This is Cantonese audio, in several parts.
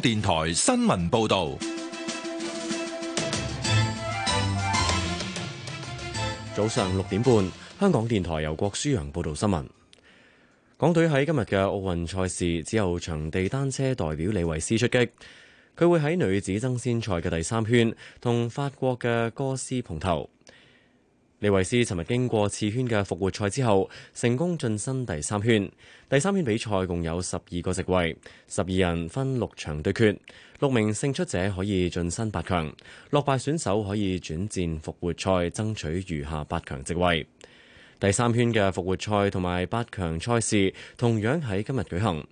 電台新聞報道，早上六點半，香港電台由郭舒揚報道新聞。港隊喺今日嘅奧運賽事只有場地單車代表李維斯出擊，佢會喺女子爭先賽嘅第三圈同法國嘅哥斯碰頭。李維斯尋日經過次圈嘅復活賽之後，成功晉身第三圈。第三圈比賽共有十二個席位，十二人分六場對決，六名勝出者可以晉身八強，落敗選手可以轉戰復活賽，爭取餘下八強席位。第三圈嘅復活賽同埋八強賽事同樣喺今日舉行，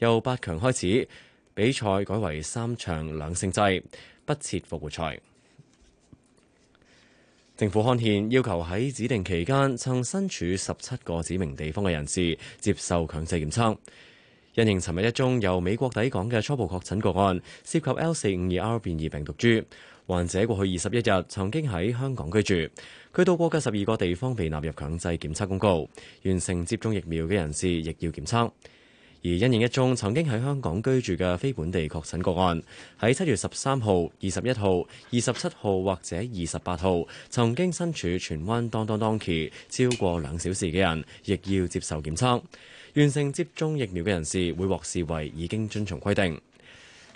由八強開始，比賽改為三場兩勝制，不設復活賽。政府刊憲要求喺指定期間曾身處十七個指明地方嘅人士接受強制檢測。因應尋日一宗由美國抵港嘅初步確診個案，涉及 L 四五二 R 變異病毒株，患者過去二十一日曾經喺香港居住，佢到過嘅十二個地方被納入強制檢測公告。完成接種疫苗嘅人士亦要檢測。而因應一宗曾經喺香港居住嘅非本地確診個案，喺七月十三號、二十一號、二十七號或者二十八號曾經身處荃灣當當當期超過兩小時嘅人，亦要接受檢測。完成接種疫苗嘅人士會獲視為已經遵從規定。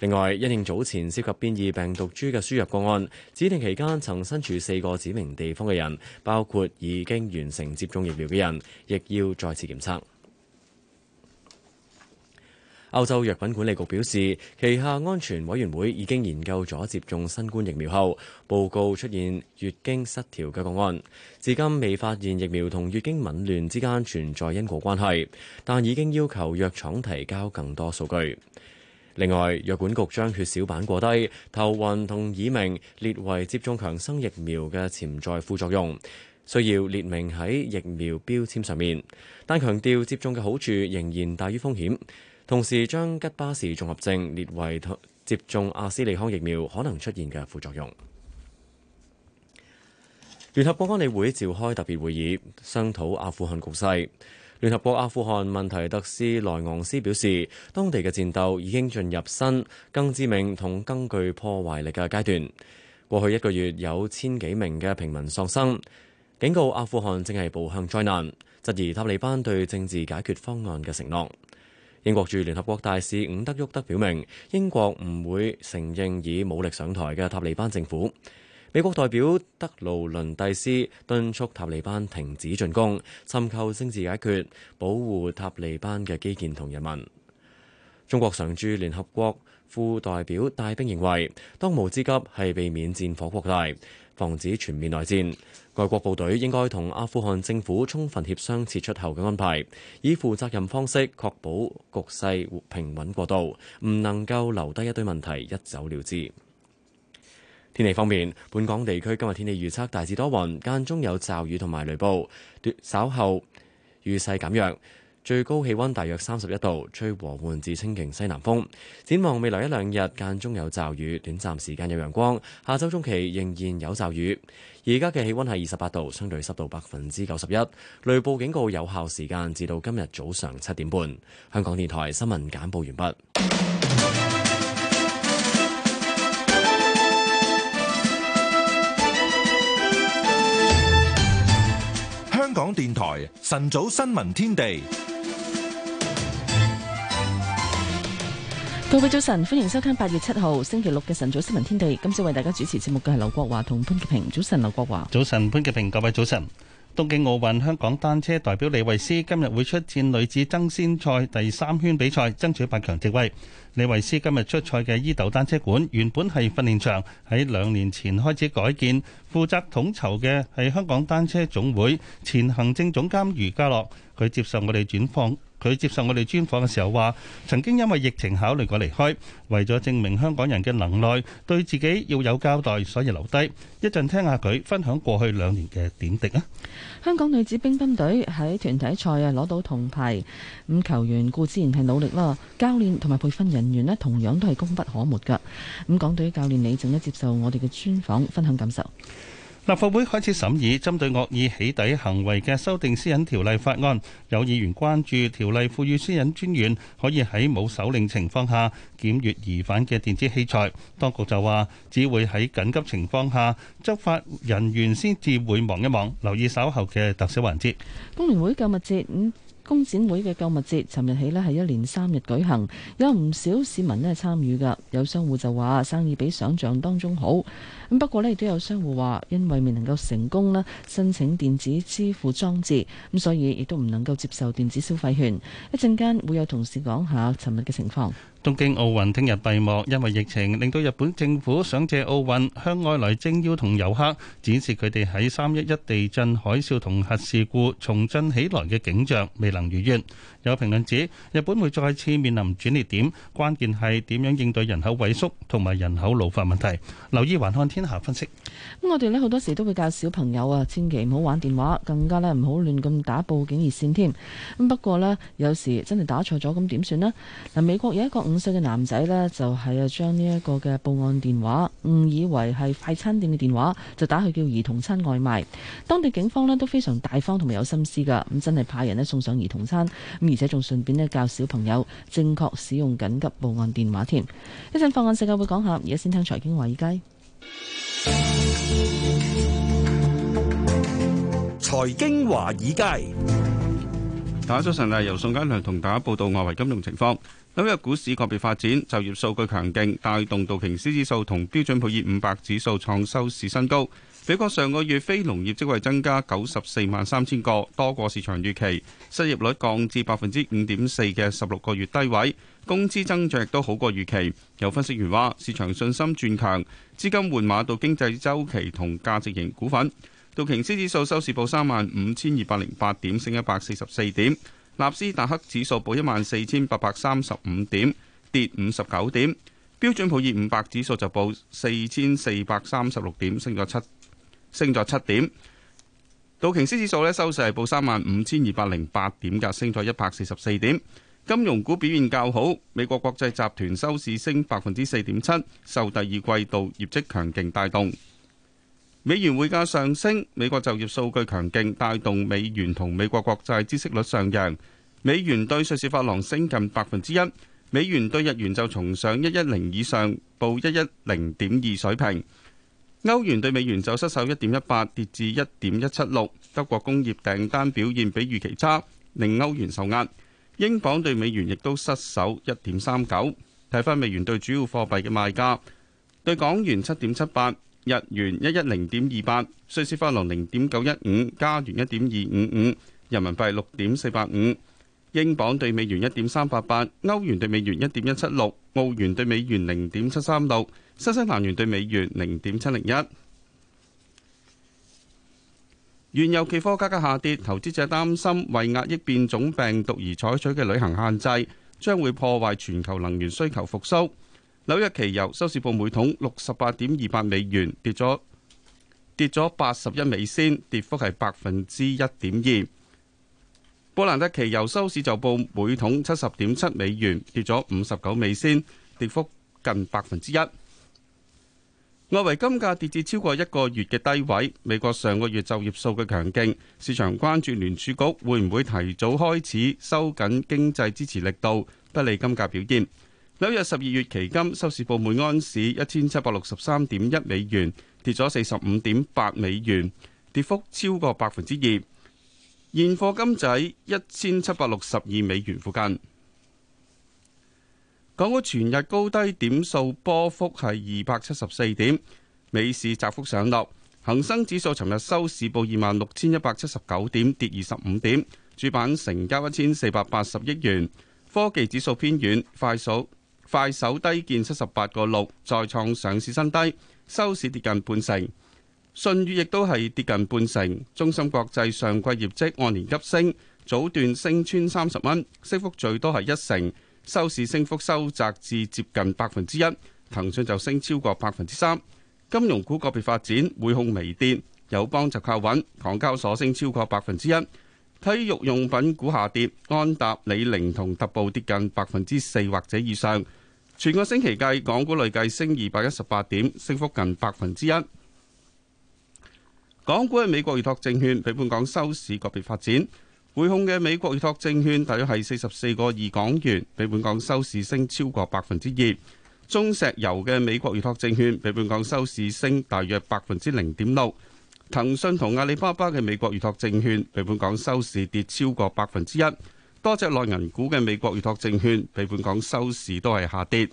另外，因應早前涉及變異病毒株嘅輸入個案，指定期間曾身處四個指明地方嘅人，包括已經完成接種疫苗嘅人，亦要再次檢測。歐洲藥品管理局表示，旗下安全委員會已經研究咗接種新冠疫苗後報告出現月經失調嘅個案，至今未發現疫苗同月經紊亂之間存在因果關係，但已經要求藥廠提交更多數據。另外，藥管局將血小板過低、頭暈同耳鳴列為接種強生疫苗嘅潛在副作用，需要列明喺疫苗標籤上面，但強調接種嘅好處仍然大於風險。同時將吉巴氏綜合症列為接種阿斯利康疫苗可能出現嘅副作用。聯合國安理會召開特別會議，商討阿富汗局勢。聯合國阿富汗問題特使萊昂斯表示，當地嘅戰鬥已經進入新更致命同更具破壞力嘅階段。過去一個月有千幾名嘅平民喪生，警告阿富汗正係步向災難，質疑塔利班對政治解決方案嘅承諾。英國駐聯合國大使伍德沃德表明，英國唔會承認以武力上台嘅塔利班政府。美國代表德勞倫蒂斯敦促塔利班停止進攻，尋求政治解決，保護塔利班嘅基建同人民。中國常駐聯合國副代表戴兵認為，當務之急係避免戰火擴大，防止全面內戰。外國部隊應該同阿富汗政府充分協商撤出後嘅安排，以負責任方式確保局勢平穩過渡，唔能夠留低一堆問題，一走了之。天氣方面，本港地區今日天氣預測大致多雲，間中有驟雨同埋雷暴，稍後雨勢減弱。最高氣溫大約三十一度，吹和緩至清勁西南風。展望未來一兩日間中有驟雨，短暫時間有陽光。下周中期仍然有驟雨。而家嘅氣溫係二十八度，相對濕度百分之九十一。雷暴警告有效時間至到今日早上七點半。香港電台新聞簡報完畢。香港電台晨早新聞天地。各位早晨，歡迎收聽八月七號星期六嘅晨早新聞天地。今朝為大家主持節目嘅係劉國華同潘潔平。早晨，劉國華。早晨，潘潔平。各位早晨。東京奧運香港單車代表李慧詩今日會出戰女子爭先賽，賽第三圈比賽，爭取八強席位。李慧詩今日出賽嘅伊豆單車館原本係訓練場，喺兩年前開始改建。負責統籌嘅係香港單車總會前行政總監余家樂，佢接受我哋專訪。佢接受我哋專訪嘅時候話，曾經因為疫情考慮過離開，為咗證明香港人嘅能耐，對自己要有交代，所以留低。一陣聽下佢分享過去兩年嘅點滴啊！香港女子乒乓隊喺團體賽啊攞，到銅牌，咁球員固然係努力啦，教練同埋培訓人員呢同樣都係功不可沒噶。咁港隊教練李靜呢接受我哋嘅專訪，分享感受。立法會開始審議針對惡意起底行為嘅修訂私隱條例法案，有議員關注條例賦予私隱專員可以喺冇手令情況下檢閲疑犯嘅電子器材。當局就話，只會喺緊急情況下，執法人員先至會望一望。留意稍後嘅特寫環節。工聯會購物節，嗯，工展會嘅購物節，尋日起呢係一連三日舉行，有唔少市民咧係參與㗎。有商戶就話生意比想象當中好。咁不過呢，亦都有商戶話，因為未能夠成功呢申請電子支付裝置，咁所以亦都唔能夠接受電子消費券。一陣間會有同事講下尋日嘅情況。東京奧運聽日閉幕，因為疫情令到日本政府想借奧運向外來徵邀同遊客展示佢哋喺三一一地震海嘯同核事故重振起來嘅景象，未能如願。有評論指日本會再次面臨轉捩點，關鍵係點樣應對人口萎縮同埋人口老化問題。留意還看。天下分析咁，我哋咧好多時都會教小朋友啊，千祈唔好玩電話，更加咧唔好亂咁打報警熱線。添咁不過呢，有時真係打錯咗，咁點算咧嗱？美國有一個五歲嘅男仔呢，就係啊將呢一個嘅報案電話誤以為係快餐店嘅電話，就打去叫兒童餐外賣。當地警方咧都非常大方，同埋有心思噶，咁真係派人咧送上兒童餐咁，而且仲順便咧教小朋友正確使用緊急報案電話。添一陣放眼世界會講下，而家先聽財經華爾街。財經華爾街，大家早晨啊！由宋嘉良同大家報道外圍金融情況。今日股市個別發展，就業數據強勁，帶動道瓊斯指數同標準普爾五百指數創收市新高。美國上個月非農業職位增加九十四萬三千個，多過市場預期，失業率降至百分之五點四嘅十六個月低位，工資增長亦都好過預期。有分析員話，市場信心轉強，資金換馬到經濟周期同價值型股份。道瓊斯指數收市報三萬五千二百零八點，升一百四十四點；納斯達克指數報一萬四千八百三十五點，跌五十九點；標準普爾五百指數就報四千四百三十六點，升咗七。升咗七點，道瓊斯指數咧收市係報三萬五千二百零八點嘅，升咗一百四十四點。金融股表現較好，美國國際集團收市升百分之四點七，受第二季度業績強勁帶動。美元匯價上升，美國就業數據強勁帶動美元同美國國債孳息率上揚。美元對瑞士法郎升近百分之一，美元對日元就重上一一零以上報一一零點二水平。歐元對美元就失守一點一八，跌至一點一七六。德國工業訂單表現比預期差，令歐元受壓。英鎊對美元亦都失守一點三九。睇翻美元對主要貨幣嘅賣價，對港元七點七八，日元一一零點二八，瑞士法郎零點九一五，加元一點二五五，人民幣六點四八五。英鎊兌美元一點三八八，歐元兌美元一點一七六，澳元兌美元零點七三六，新西蘭元兌美元零點七零一。原油期貨價格下跌，投資者擔心為壓抑變種病毒而採取嘅旅行限制將會破壞全球能源需求復甦。紐約期油收市報每桶六十八點二八美元，跌咗跌咗八十一美仙，跌幅係百分之一點二。布蘭特期油收市就報每桶七十點七美元，跌咗五十九美仙，跌幅近百分之一。外圍金價跌至超過一個月嘅低位。美國上個月就業數據強勁，市場關注聯儲局會唔會提早開始收緊經濟支持力度，不利金價表現。紐約十二月期金收市報每安士一千七百六十三點一美元，跌咗四十五點八美元，跌幅超過百分之二。現貨金仔一千七百六十二美元附近，港股全日高低點數波幅係二百七十四點，美市窄幅上落。恒生指數尋日收市報二萬六千一百七十九點，跌二十五點。主板成交一千四百八十億元。科技指數偏軟，快手，快手低見七十八個六，再創上市新低，收市跌近半成。信宇亦都係跌近半成，中芯國際上季業績按年急升，早段升穿三十蚊，升幅最多係一成，收市升幅收窄至接近百分之一。騰訊就升超過百分之三，金融股個別發展，匯控微跌，友邦就靠穩，港交所升超過百分之一。體育用品股下跌，安踏、李寧同特步跌近百分之四或者以上。全個星期計，港股累計升二百一十八點，升幅近百分之一。港股嘅美國預託證券比本港收市個別發展，匯控嘅美國預託證券大約係四十四個二港元，比本港收市升超過百分之二。中石油嘅美國預託證券比本港收市升大約百分之零點六。騰訊同阿里巴巴嘅美國預託證券比本港收市跌超過百分之一。多隻內銀股嘅美國預託證券比本港收市都係下跌。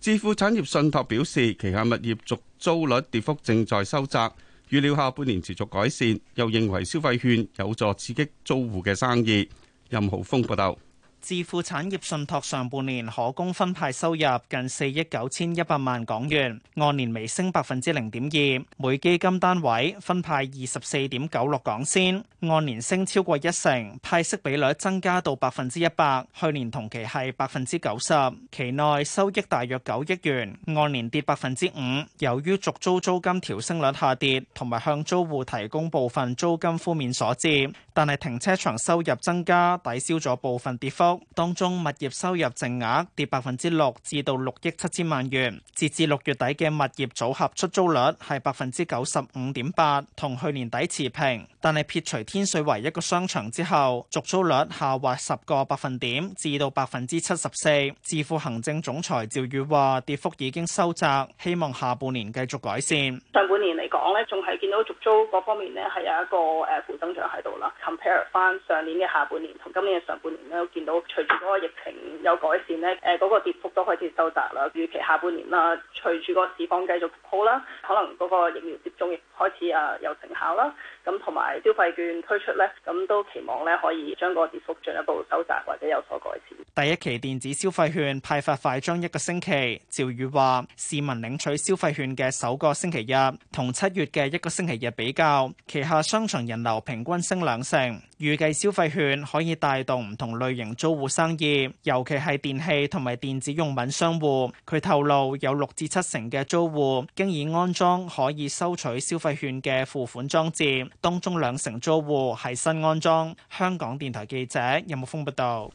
置富產業信託表示，旗下物業續租率跌幅正在收窄，預料下半年持續改善，又認為消費券有助刺激租戶嘅生意。任豪峰報道。置富產業信託上半年可供分派收入近四億九千一百萬港元，按年微升百分之零點二，每基金單位分派二十四點九六港仙，按年升超過一成，派息比率增加到百分之一百，去年同期係百分之九十，期內收益大約九億元，按年跌百分之五，由於續租租金調升率下跌，同埋向租戶提供部分租金敷面所致，但係停車場收入增加抵消咗部分跌幅。當中物業收入淨額跌百分之六，至到六億七千萬元。截至六月底嘅物業組合出租率係百分之九十五點八，同去年底持平。但係撇除天水圍一個商場之後，續租率下滑十個百分點，至到百分之七十四。置富行政總裁趙宇話：跌幅已經收窄，希望下半年繼續改善。上，上，半上半年嚟講呢仲係見到續租嗰方面呢係有一個誒負增長喺度啦。Compare 翻上年嘅下半年同今年嘅上半年咧，都見到。隨住嗰個疫情有改善咧，誒、那、嗰個跌幅都開始收窄啦。預期下半年啦，隨住個市況繼續好啦，可能嗰個疫苗接種亦開始啊有成效啦。咁同埋消費券推出呢，咁都期望呢可以將嗰個跌幅進一步收窄或者有所改善。第一期電子消費券派發快將一個星期，趙宇話：市民領取消費券嘅首個星期日同七月嘅一個星期日比較，旗下商場人流平均升兩成。預計消費券可以帶動唔同類型租戶生意，尤其係電器同埋電子用品商戶。佢透露有六至七成嘅租戶經已安裝可以收取消費券嘅付款裝置。當中兩成租戶係新安裝。香港電台記者任木峰報道。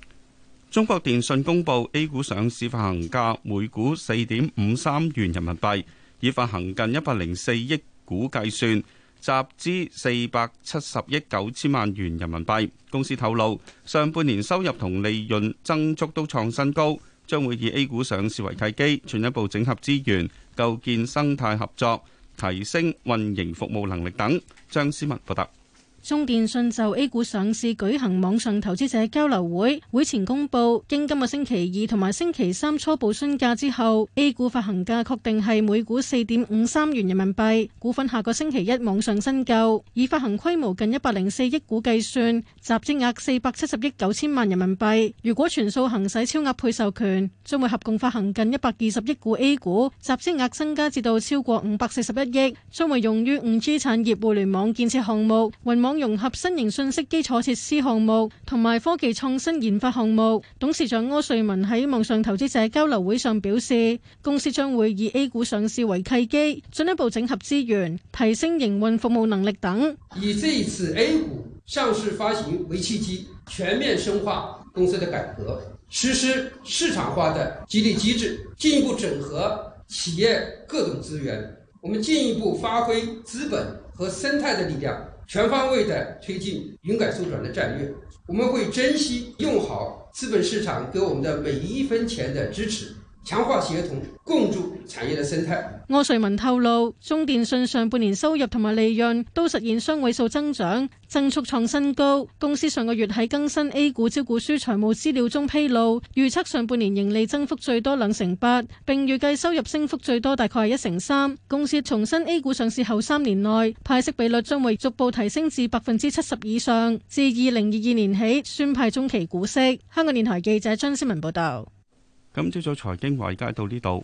中國電信公布 A 股上市發行價每股四點五三元人民幣，以發行近一百零四億股計算，集資四百七十億九千萬元人民幣。公司透露，上半年收入同利潤增速都創新高，將會以 A 股上市為契機，進一步整合資源，構建生態合作。提升運營服務能力等，張思文報道。中電訊就 A 股上市舉行網上投資者交流會，會前公布經今個星期二同埋星期三初步詢價之後，A 股發行價確定係每股四點五三元人民幣，股份下個星期一網上申購，以發行規模近一百零四億股計算，集資額四百七十億九千萬人民幣。如果全數行使超額配售權，將會合共發行近一百二十億股 A 股，集資額增加至到超過五百四十一億，將會用於五 G 產業互聯網建設項目、雲網。融合新型信息基礎設施項目同埋科技創新研發項目，董事長柯瑞文喺網上投資者交流會上表示，公司將會以 A 股上市為契機，進一步整合資源，提升營運服務能力等。以這一次 A 股上市發行為契機，全面深化公司的改革，實施市場化的激勵機制，進一步整合企業各種資源。我們進一步發揮資本和生態的力量。全方位的推進雲改數轉的戰略，我們會珍惜用好資本市場給我們的每一分錢的支持，強化協同，共築。柯瑞文透露，中電訊上半年收入同埋利潤都實現雙位數增長，增速創新高。公司上個月喺更新 A 股招股書財務資料中披露，預測上半年盈利增幅最多兩成八，並預計收入升幅最多大概係一成三。公司重新 A 股上市後三年內派息比率將會逐步提升至百分之七十以上，自二零二二年起宣派中期股息。香港電台記者張思文報道。今朝早財經話而家到呢度。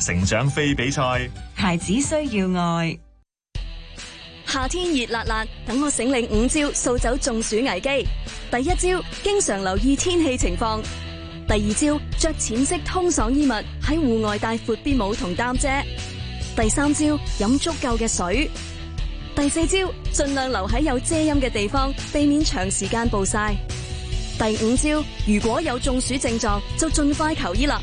成長非比賽，孩子需要愛。夏天熱辣辣，等我醒領五招掃走中暑危機。第一招，經常留意天氣情況。第二招，着淺色通爽衣物喺戶外帶闊啲帽同擔遮。第三招，飲足夠嘅水。第四招，盡量留喺有遮陰嘅地方，避免長時間暴曬。第五招，如果有中暑症狀，就盡快求醫啦。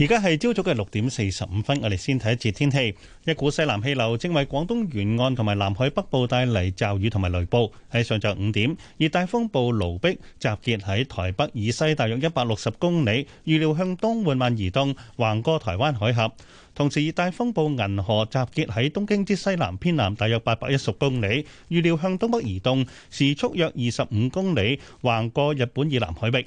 而家係朝早嘅六點四十五分，我哋先睇一節天氣。一股西南氣流正為廣東沿岸同埋南海北部帶嚟驟雨同埋雷暴。喺上晝五點，熱帶風暴盧碧集結喺台北以西大約一百六十公里，預料向東緩慢移動，橫過台灣海峽。同時，熱帶風暴銀河集結喺東京之西南偏南大約八百一十公里，預料向東北移動，時速約二十五公里，橫過日本以南海域。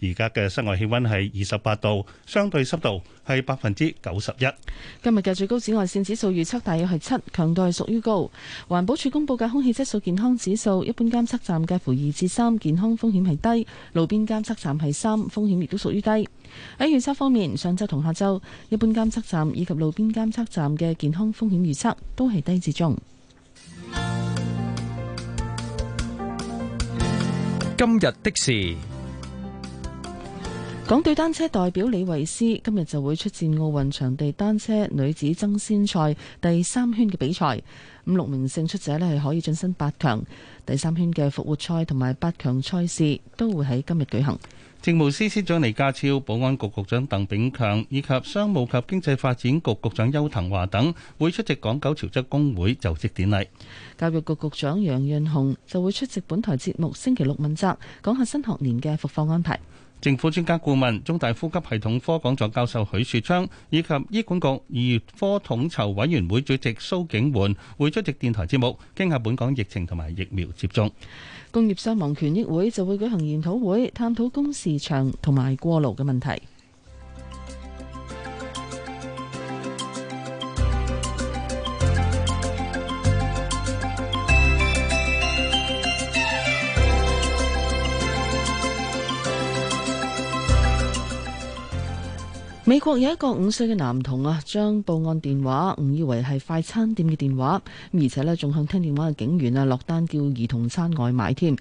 而家嘅室外氣溫係二十八度，相對濕度係百分之九十一。今日嘅最高紫外線指數預測大約係七，強度係屬於高。環保署公布嘅空氣質素健康指數，一般監測站介乎二至三，健康風險係低；路邊監測站係三，風險亦都屬於低。喺預測方面，上週同下週，一般監測站以及路邊監測站嘅健康風險預測都係低至中。今日的事。港隊單車代表李維斯今日就會出戰奧運場地單車女子爭先賽第三圈嘅比賽，五六名勝出者咧係可以晉身八強。第三圈嘅復活賽同埋八強賽事都會喺今日舉行。政務司司長李家超、保安局局長鄧炳強以及商務及經濟發展局局局長邱騰華等會出席港九潮州工會就職典禮。教育局局長楊潤雄就會出席本台節目星期六問責，講下新學年嘅復課安排。政府專家顧問、中大呼吸系統科講座教，教授許樹昌以及醫管局兒科統籌委員會主席蘇景援會出席電台節目，傾下本港疫情同埋疫苗接種。工業傷亡權益會就會舉行研討會，探討工時長同埋過勞嘅問題。美國有一個五歲嘅男童啊，將報案電話誤以為係快餐店嘅電話，而且咧仲向聽電話嘅警員啊落單叫兒童餐外賣添。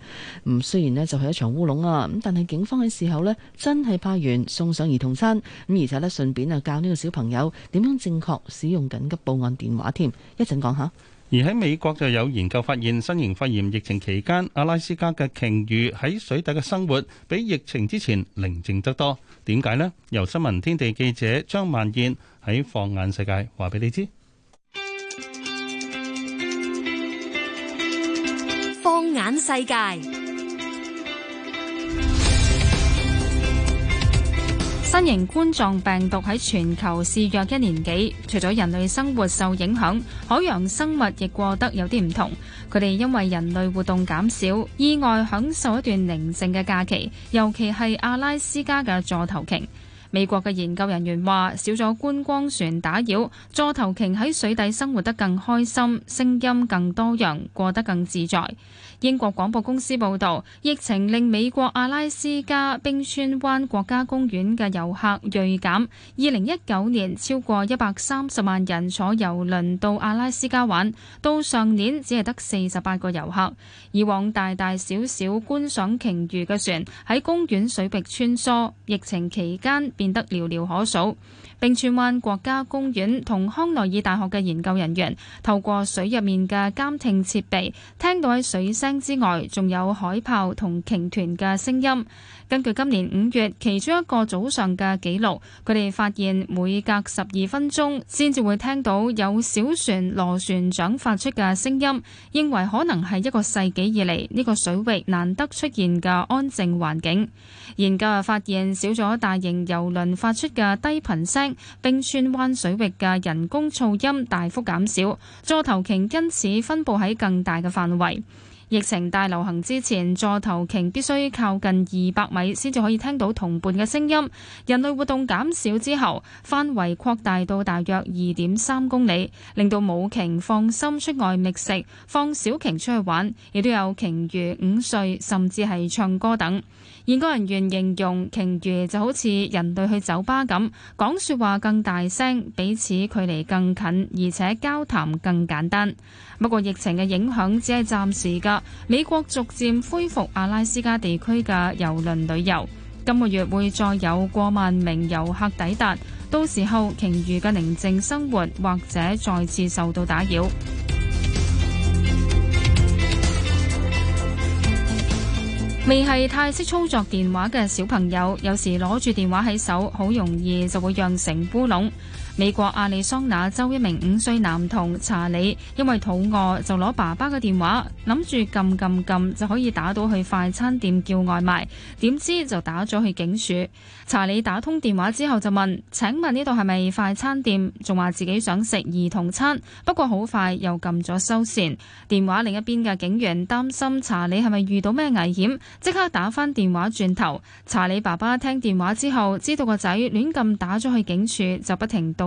咁雖然咧就係一場烏龍啊，咁但係警方喺事後咧真係派員送上兒童餐，咁而且咧順便啊教呢個小朋友點樣正確使用緊急報案電話添。講一陣講下。而喺美國就有研究發現，新型肺炎疫情期間，阿拉斯加嘅鯨魚喺水底嘅生活比疫情之前寧靜得多。點解呢？由新聞天地記者張萬燕喺放眼世界話俾你知。放眼世界。新型冠狀病毒喺全球肆虐一年幾，除咗人類生活受影響，海洋生物亦過得有啲唔同。佢哋因為人類活動減少，意外享受一段寧靜嘅假期，尤其係阿拉斯加嘅座頭鯨。美國嘅研究人員話，少咗觀光船打擾，座頭鯨喺水底生活得更開心，聲音更多樣，過得更自在。英國廣播公司報導，疫情令美國阿拉斯加冰川灣國家公園嘅遊客鋭減。二零一九年超過一百三十萬人坐遊輪到阿拉斯加玩，到上年只係得四十八個遊客。以往大大小小觀賞鯨魚嘅船喺公園水域穿梭，疫情期間變得寥寥可數。冰川灣國家公園同康奈爾大學嘅研究人員，透過水入面嘅監聽設備，聽到喺水聲之外，仲有海豹同鯨豚嘅聲音。根據今年五月其中一個早上嘅記錄，佢哋發現每隔十二分鐘先至會聽到有小船螺旋槳發出嘅聲音，認為可能係一個世紀以嚟呢個水域難得出現嘅安靜環境。研究發現少咗大型郵輪發出嘅低頻聲，冰川灣水域嘅人工噪音大幅減少，座頭鯨因此分布喺更大嘅範圍。疫情大流行之前，座頭鯨必須靠近二百米先至可以聽到同伴嘅聲音。人類活動減少之後，範圍擴大到大約二點三公里，令到母鯨放心出外覓食，放小鯨出去玩，亦都有鯨魚午睡甚至係唱歌等。研究人員形容鯨魚就好似人類去酒吧咁，講説話更大聲，彼此距離更近，而且交談更簡單。不過疫情嘅影響只係暫時㗎，美國逐漸恢復阿拉斯加地區嘅郵輪旅遊，今個月會再有過萬名遊客抵達，到時候鯨魚嘅寧靜生活或者再次受到打擾。未係太識操作電話嘅小朋友，有時攞住電話喺手，好容易就會釀成烏龍。美國阿里桑那州一名五歲男童查理，因為肚餓就攞爸爸嘅電話，諗住撳撳撳就可以打到去快餐店叫外賣，點知就打咗去警署。查理打通電話之後就問：請問呢度係咪快餐店？仲話自己想食兒童餐。不過好快又撳咗收線。電話另一邊嘅警員擔心查理係咪遇到咩危險，即刻打返電話轉頭。查理爸爸聽電話之後，知道個仔亂咁打咗去警署，就不停到。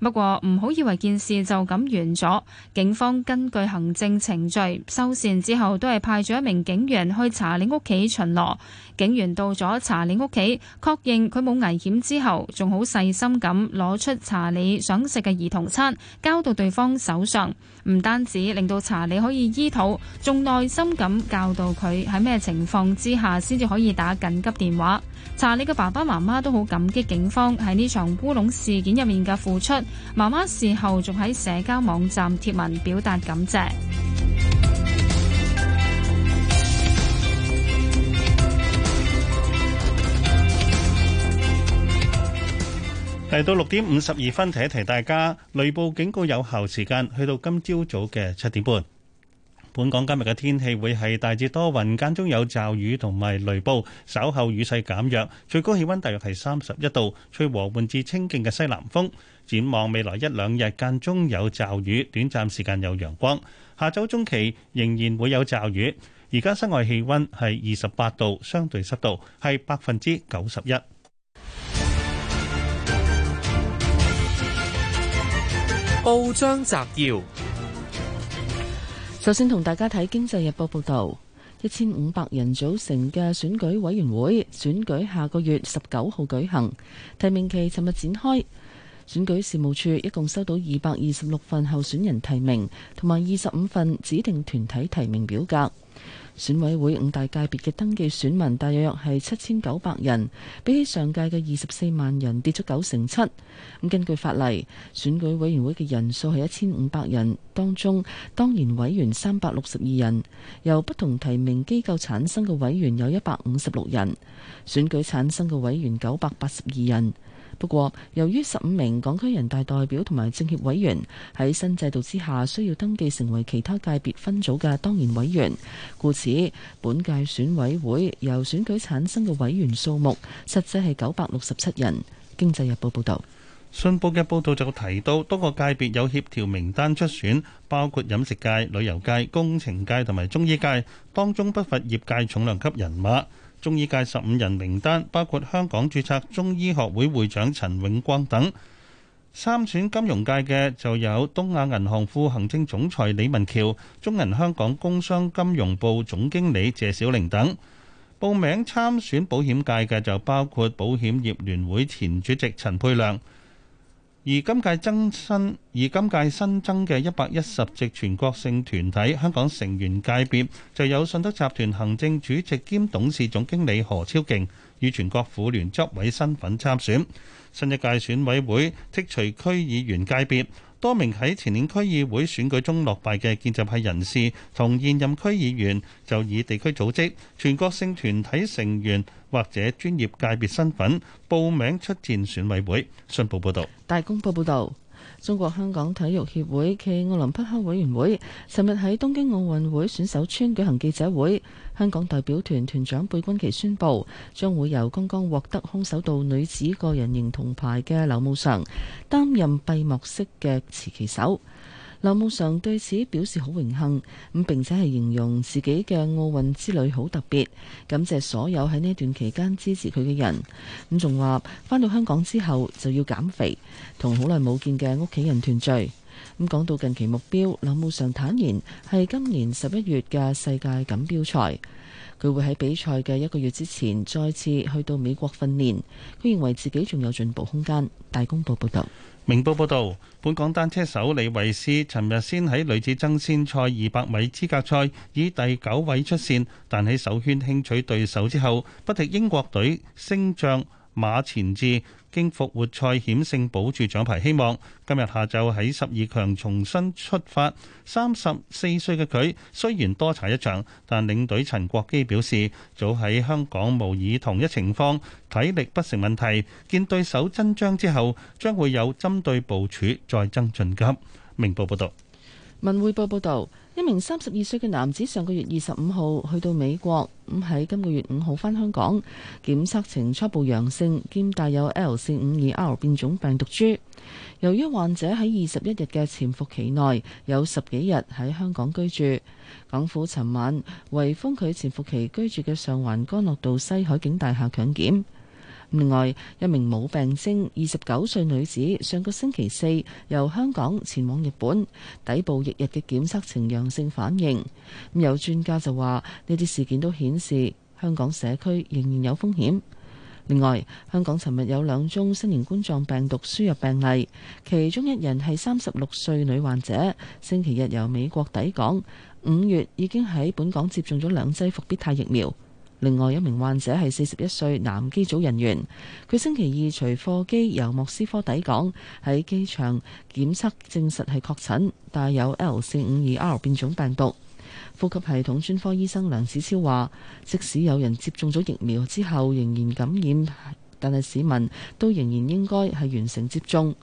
不過唔好以為件事就咁完咗，警方根據行政程序，收線之後，都係派咗一名警員去查理屋企巡邏。警員到咗查理屋企，確認佢冇危險之後，仲好細心咁攞出查理想食嘅兒童餐，交到對方手上。唔單止令到查理可以醫肚，仲耐心咁教導佢喺咩情況之下先至可以打緊急電話。查理嘅爸爸媽媽都好感激警方喺呢場烏龍事件入面嘅付出。媽媽事後仲喺社交網站貼文表達感謝。嚟到六點五十二分，提一提大家，雷暴警告有效時間去到今朝早嘅七點半。本港今日嘅天氣會係大致多雲，間中有驟雨同埋雷暴，稍後雨勢減弱，最高氣温大約係三十一度，吹和緩至清勁嘅西南風。展望未來一兩日間中有驟雨，短暫時間有陽光。下週中期仍然會有驟雨。而家室外氣温係二十八度，相對濕度係百分之九十一。報章摘要。首先同大家睇《經濟日報》報導，一千五百人組成嘅選舉委員會，選舉下個月十九號舉行，提名期尋日展開。選舉事務處一共收到二百二十六份候選人提名，同埋二十五份指定團體提名表格。選委會五大界別嘅登記選民大約係七千九百人，比起上屆嘅二十四萬人跌咗九成七。咁根據法例，選舉委員會嘅人數係一千五百人，當中當然委員三百六十二人，由不同提名機構產生嘅委員有一百五十六人，選舉產生嘅委員九百八十二人。不過，由於十五名港區人大代表同埋政協委員喺新制度之下需要登記成為其他界別分組嘅當然委員，故此本屆選委會由選舉產生嘅委員數目實際係九百六十七人。經濟日報報導，信報嘅報導就提到，多個界別有協調名單出選，包括飲食界、旅遊界、工程界同埋中醫界，當中不乏業界重量級人馬。中醫界十五人名單包括香港注冊中醫學會會長陳永光等，參選金融界嘅就有東亞銀行副行政總裁李文橋、中銀香港工商金融部總經理謝小玲等，報名參選保險界嘅就包括保險業聯會前主席陳佩亮。而今屆增新，而今屆新增嘅一百一十席全國性團體香港成員界別，就有信德集團行政主席兼董事總經理何超瓊以全國婦聯執委身份參選。新一屆選委會剔除區議員界別，多名喺前年區議會選舉中落敗嘅建制派人士，同現任區議員就以地區組織全國性團體成員，或者專業界別身份報名出戰選委會。信報報道：「大公報報道，中國香港體育協會暨奧林匹克委員會尋日喺東京奧運會選手村舉行記者會，香港代表團團長貝鈞奇宣布，將會由剛剛獲得空手道女子個人銅牌嘅劉慕裳擔任閉幕式嘅持旗手。劉慕裳對此表示好榮幸，咁並且係形容自己嘅奧運之旅好特別，感謝所有喺呢段期間支持佢嘅人。咁仲話返到香港之後就要減肥，同好耐冇見嘅屋企人團聚。咁講到近期目標，劉慕裳坦言係今年十一月嘅世界錦標賽。佢會喺比賽嘅一個月之前再次去到美國訓練，佢認為自己仲有進步空間。大公報報道：「明報報道，本港單車手李慧詩尋日先喺女子爭先賽二百米資格賽以第九位出線，但喺首圈輕取對手之後，不敵英國隊升將。」馬前志經復活賽險勝，保住獎牌希望，今日下晝喺十二強重新出發。三十四歲嘅佢雖然多踩一場，但領隊陳國基表示，早喺香港模擬同一情況，體力不成問題。見對手真章之後，將會有針對部署再增進級。明報報道。文匯報報道，一名三十二歲嘅男子上個月二十五號去到美國，咁喺今個月五號返香港，檢測呈初步陽性，兼帶有 L. 四五二 R 變種病毒株。由於患者喺二十一日嘅潛伏期內有十幾日喺香港居住，港府尋晚為封佢潛伏期居住嘅上環干諾道西海景大廈強檢。另外，一名冇病徵二十九歲女子上個星期四由香港前往日本，底部翌日嘅檢測呈陽性反應。有專家就話呢啲事件都顯示香港社區仍然有風險。另外，香港尋日有兩宗新型冠狀病毒輸入病例，其中一人係三十六歲女患者，星期日由美國抵港，五月已經喺本港接種咗兩劑復必泰疫苗。另外一名患者係四十一歲男機組人員，佢星期二隨貨機由莫斯科抵港，喺機場檢測證實係確診，帶有 L 四五二 R 變種病毒。呼吸系統專科醫生梁子超話，即使有人接種咗疫苗之後仍然感染，但係市民都仍然應該係完成接種。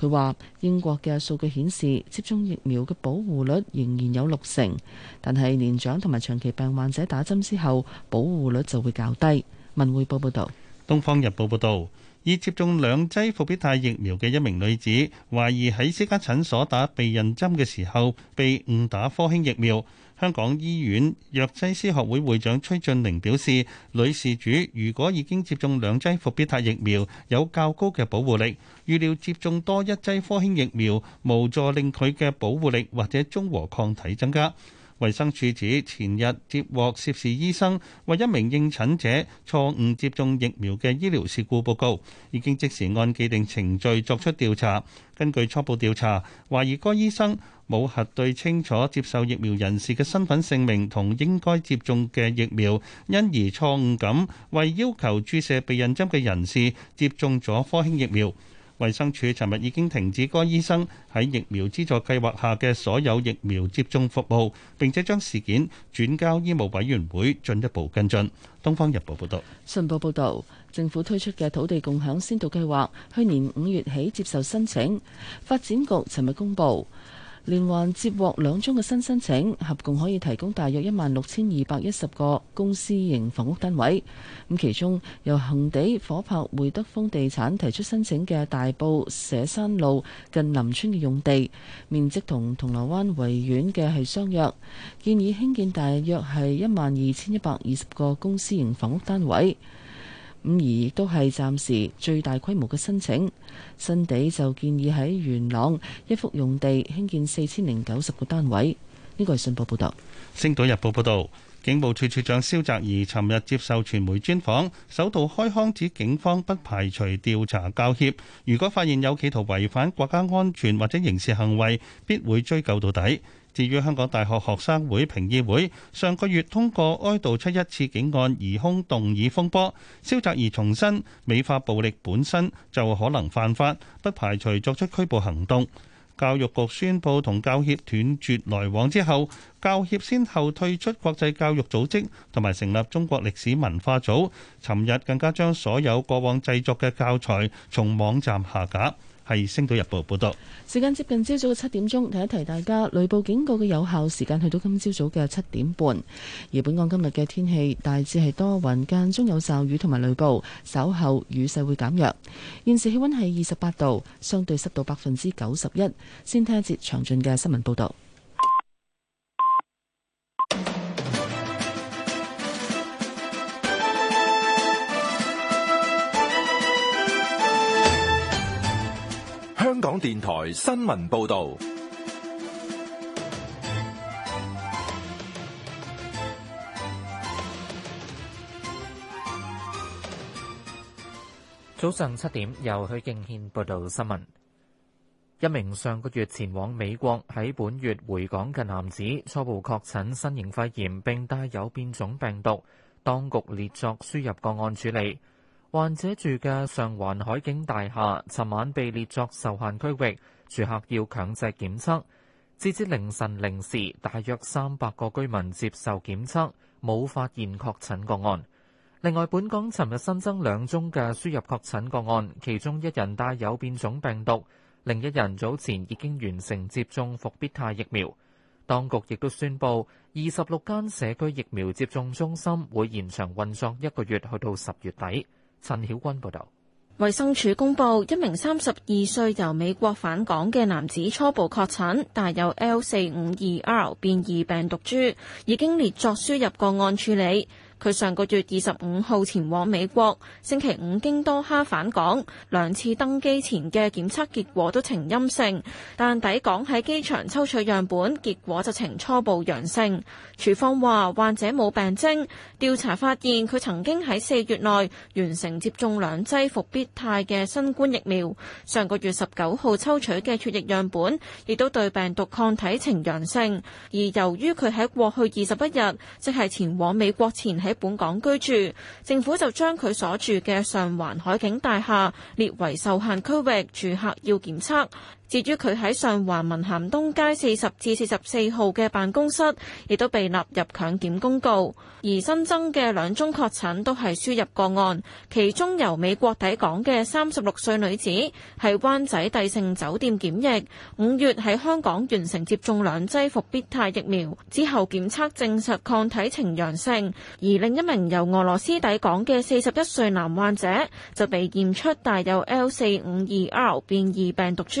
佢話：英國嘅數據顯示，接種疫苗嘅保護率仍然有六成，但係年長同埋長期病患者打針之後，保護率就會較低。文匯報報道：《東方日報》報道，已接種兩劑復必泰疫苗嘅一名女子，懷疑喺私家診所打避孕針嘅時候，被誤打科興疫苗。香港醫院藥劑師學會會長崔俊玲表示，女事主如果已經接種兩劑復必泰疫苗，有較高嘅保護力。預料接種多一劑科興疫苗，無助令佢嘅保護力或者中和抗體增加。衛生署指，前日接獲涉事醫生為一名應診者錯誤接種疫苗嘅醫療事故報告，已經即時按既定程序作出調查。根據初步調查，懷疑該醫生冇核對清楚接受疫苗人士嘅身份姓名同應該接種嘅疫苗，因而錯誤咁為要求注射避孕針嘅人士接種咗科興疫苗。衛生署尋日已經停止該醫生喺疫苗資助計劃下嘅所有疫苗接種服務，並且將事件轉交醫務委員會進一步跟進。《東方日報》報道，信報報道，政府推出嘅土地共享先導計劃去年五月起接受申請，發展局尋日公布。連環接獲兩宗嘅新申請，合共可以提供大約一萬六千二百一十個公司型房屋單位。咁其中由恒地、火拍、匯德豐地產提出申請嘅大埔社山路近林村嘅用地，面積同銅鑼灣維園嘅係相若，建議興建大約係一萬二千一百二十個公司型房屋單位。五，而亦都係暫時最大規模嘅申請新地，就建議喺元朗一幅用地興建四千零九十個單位。呢個係信報報道。《星島日報》報道，警務處處長蕭澤怡尋日接受傳媒專訪，首度開腔指警方不排除調查教協，如果發現有企圖違反國家安全或者刑事行為，必會追究到底。至於香港大學學生會評議會上個月通過哀悼七一刺警案疑兇動議風波，蕭澤頤重申美化暴力本身就可能犯法，不排除作出拘捕行動。教育局宣布同教協斷絕來往之後，教協先後退出國際教育組織，同埋成立中國歷史文化組。尋日更加將所有過往製作嘅教材從網站下架。係《星島日報》報道。時間接近朝早嘅七點鐘，提一提大家，雷暴警告嘅有效時間去到今朝早嘅七點半。而本港今日嘅天氣大致係多雲，間中有驟雨同埋雷暴，稍後雨勢會減弱。現時氣溫係二十八度，相對濕度百分之九十一。先聽一節詳盡嘅新聞報道。香港電台新聞報道：早上七點，由許敬軒報道新聞。一名上個月前往美國喺本月回港嘅男子，初步確診新型肺炎，並帶有變種病毒，當局列作輸入個案處理。患者住嘅上環海景大廈，尋晚被列作受限區域，住客要強制檢測。截至凌晨零時，大約三百個居民接受檢測，冇發現確診個案。另外，本港尋日新增兩宗嘅輸入確診個案，其中一人帶有變種病毒，另一人早前已經完成接種復必泰疫苗。當局亦都宣布，二十六間社區疫苗接種中心會延長運作一個月，去到十月底。陳曉君報道，衛生署公布一名三十二歲由美國返港嘅男子初步確診，帶有 L 四五二 R 變異病毒株，已經列作輸入個案處理。佢上個月二十五號前往美國，星期五經多哈返港，兩次登機前嘅檢測結果都呈陰性，但抵港喺機場抽取樣本結果就呈初步陽性。署方話患者冇病徵，調查發現佢曾經喺四月內完成接種兩劑復必泰嘅新冠疫苗，上個月十九號抽取嘅血液樣本亦都對病毒抗體呈陽性，而由於佢喺過去二十一日，即係前往美國前起。喺本港居住，政府就將佢所住嘅上環海景大廈列為受限區域，住客要檢測。至於佢喺上環文咸東街四十至四十四號嘅辦公室，亦都被納入強檢公告。而新增嘅兩宗確診都係輸入個案，其中由美國抵港嘅三十六歲女子喺灣仔帝盛酒店檢疫，五月喺香港完成接種兩劑復必泰疫苗之後，檢測證實抗體呈陽性；而另一名由俄羅斯抵港嘅四十一歲男患者就被驗出帶有 L 四五二 R 變異病毒株。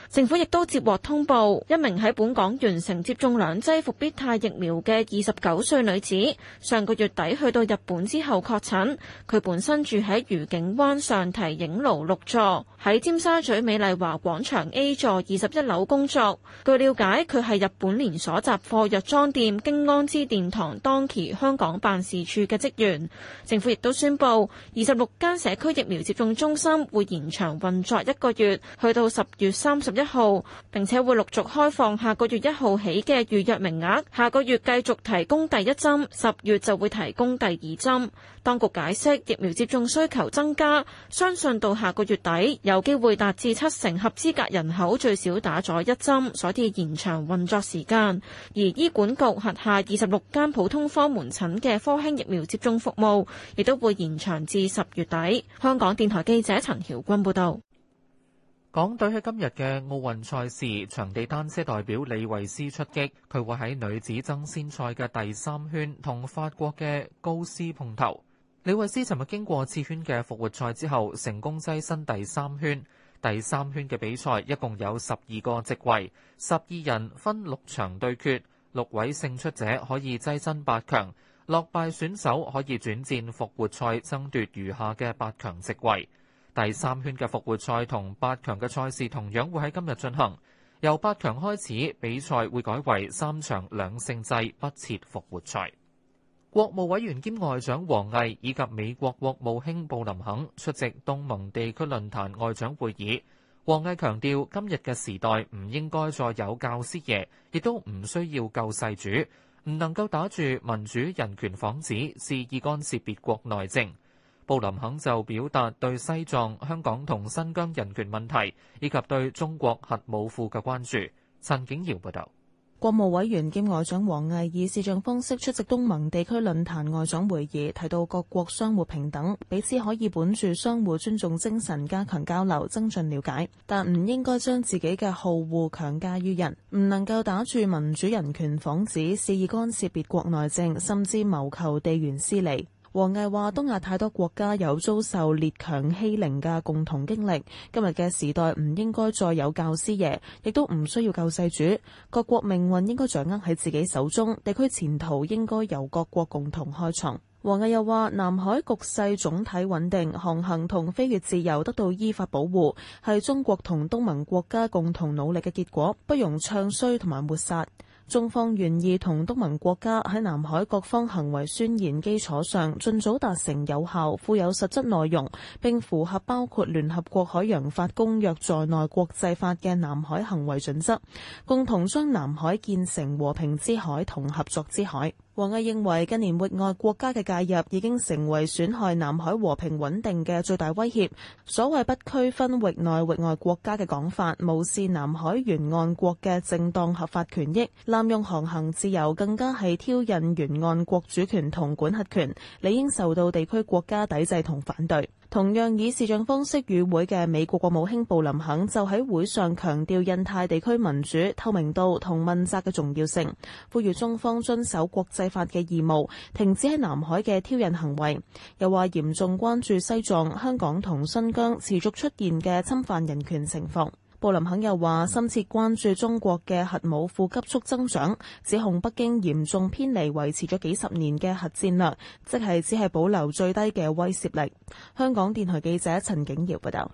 政府亦都接獲通報，一名喺本港完成接種兩劑復必泰疫苗嘅二十九歲女子，上個月底去到日本之後確診。佢本身住喺愉景灣上堤影樓六座，喺尖沙咀美麗華廣場 A 座二十一樓工作。據了解，佢係日本連鎖雜貨藥妝店京安之殿堂當期香港辦事處嘅職員。政府亦都宣布，二十六間社區疫苗接種中心會延長運作一個月，去到十月三十一一號，並且會陸續開放下個月一號起嘅預約名額。下個月繼續提供第一針，十月就會提供第二針。當局解釋，疫苗接種需求增加，相信到下個月底有機會達至七成合資格人口最少打咗一針，所以延長運作時間。而醫管局轄下二十六間普通科門診嘅科興疫苗接種服務，亦都會延長至十月底。香港電台記者陳曉君報道。港隊喺今日嘅奧運賽事場地單車代表李慧詩出擊，佢會喺女子爭先賽嘅第三圈同法國嘅高斯碰頭。李慧詩尋日經過次圈嘅復活賽之後，成功躋身第三圈。第三圈嘅比賽一共有十二個席位，十二人分六場對決，六位勝出者可以躋身八強，落敗選手可以轉戰復活賽爭奪餘下嘅八強席位。第三圈嘅復活賽同八強嘅賽事同樣會喺今日進行，由八強開始比賽會改為三場兩勝制不，不設復活賽。國務委員兼外長王毅以及美國國務卿布林肯出席東盟地區論壇外長會議，王毅強調今日嘅時代唔應該再有教師爺，亦都唔需要救世主，唔能夠打住民主人權幌子，肆意干涉別國內政。布林肯就表達對西藏、香港同新疆人權問題，以及對中國核武庫嘅關注。陳景耀報道，國務委員兼外長王毅以視像方式出席東盟地區論壇外長會議，提到各國相互平等，彼此可以本着相互尊重精神加強交流、增進了解，但唔應該將自己嘅好惡強加於人，唔能夠打着民主人權幌子，肆意干涉別國內政，甚至謀求地緣私利。王毅話：東亞太多國家有遭受列強欺凌嘅共同經歷，今日嘅時代唔應該再有教師爺，亦都唔需要救世主。各國命運應該掌握喺自己手中，地區前途應該由各國共同開創。王毅又話：南海局勢總體穩定，航行同飛越自由得到依法保護，係中國同東盟國家共同努力嘅結果，不容唱衰同埋抹殺。中方願意同東盟國家喺南海各方行為宣言基礎上，盡早達成有效、富有實質內容，並符合包括聯合國海洋法公約在內國際法嘅南海行為準則，共同將南海建成和平之海同合作之海。王毅認為近年域外國家嘅介入已經成為損害南海和平穩定嘅最大威脅。所謂不區分域內域外國家嘅講法，無視南海沿岸國嘅正當合法權益，濫用航行自由，更加係挑釁沿岸國主權同管轄權，理應受到地區國家抵制同反對。同樣以視像方式與會嘅美國國務卿布林肯就喺會上強調印太地區民主、透明度同問責嘅重要性，呼籲中方遵守國際法嘅義務，停止喺南海嘅挑釁行為，又話嚴重關注西藏、香港同新疆持續出現嘅侵犯人權情況。布林肯又話深切關注中國嘅核武庫急速增長，指控北京嚴重偏離維持咗幾十年嘅核戰略，即係只係保留最低嘅威懾力。香港電台記者陳景堯報道。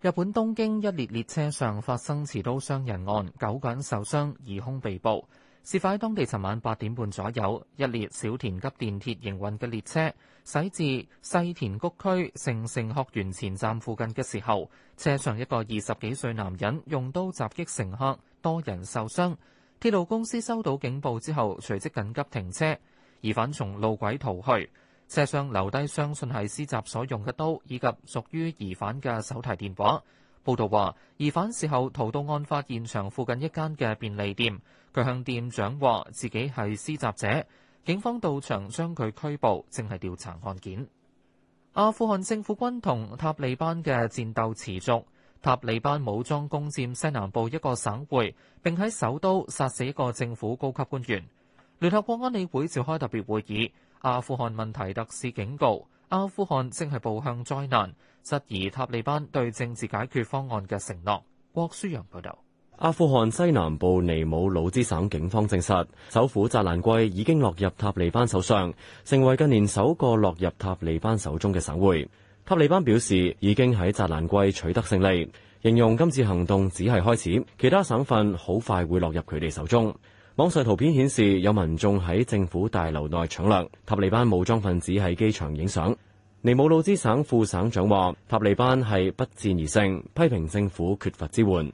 日本東京一列列車上發生持刀傷人案，九個人受傷，疑兇被捕。事發喺當地，尋晚八點半左右，一列小田急電鐵營運嘅列車駛至世田谷區成城學園前站附近嘅時候，車上一個二十幾歲男人用刀襲擊乘客，多人受傷。鐵路公司收到警報之後，隨即緊急停車。疑犯從路軌逃去，車上留低相信係施襲所用嘅刀，以及屬於疑犯嘅手提電話。報道話，疑犯事後逃到案發現場附近一間嘅便利店。佢向店長話自己係施襲者，警方到場將佢拘捕，正係調查案件。阿富汗政府軍同塔利班嘅戰鬥持續，塔利班武裝攻佔西南部一個省會，並喺首都殺死一個政府高級官員。聯合國安理會召開特別會議，阿富汗問題特使警告阿富汗正係步向災難，質疑塔利班對政治解決方案嘅承諾，郭書陽報道。阿富汗西南部尼姆魯茲省警方證實，首府扎蘭季已經落入塔利班手上，成為近年首個落入塔利班手中嘅省會。塔利班表示已經喺扎蘭季取得勝利，形容今次行動只係開始，其他省份好快會落入佢哋手中。網上圖片顯示有民眾喺政府大樓內搶掠，塔利班武裝分子喺機場影相。尼姆魯茲省副省長話：塔利班係不戰而勝，批評政府缺乏支援。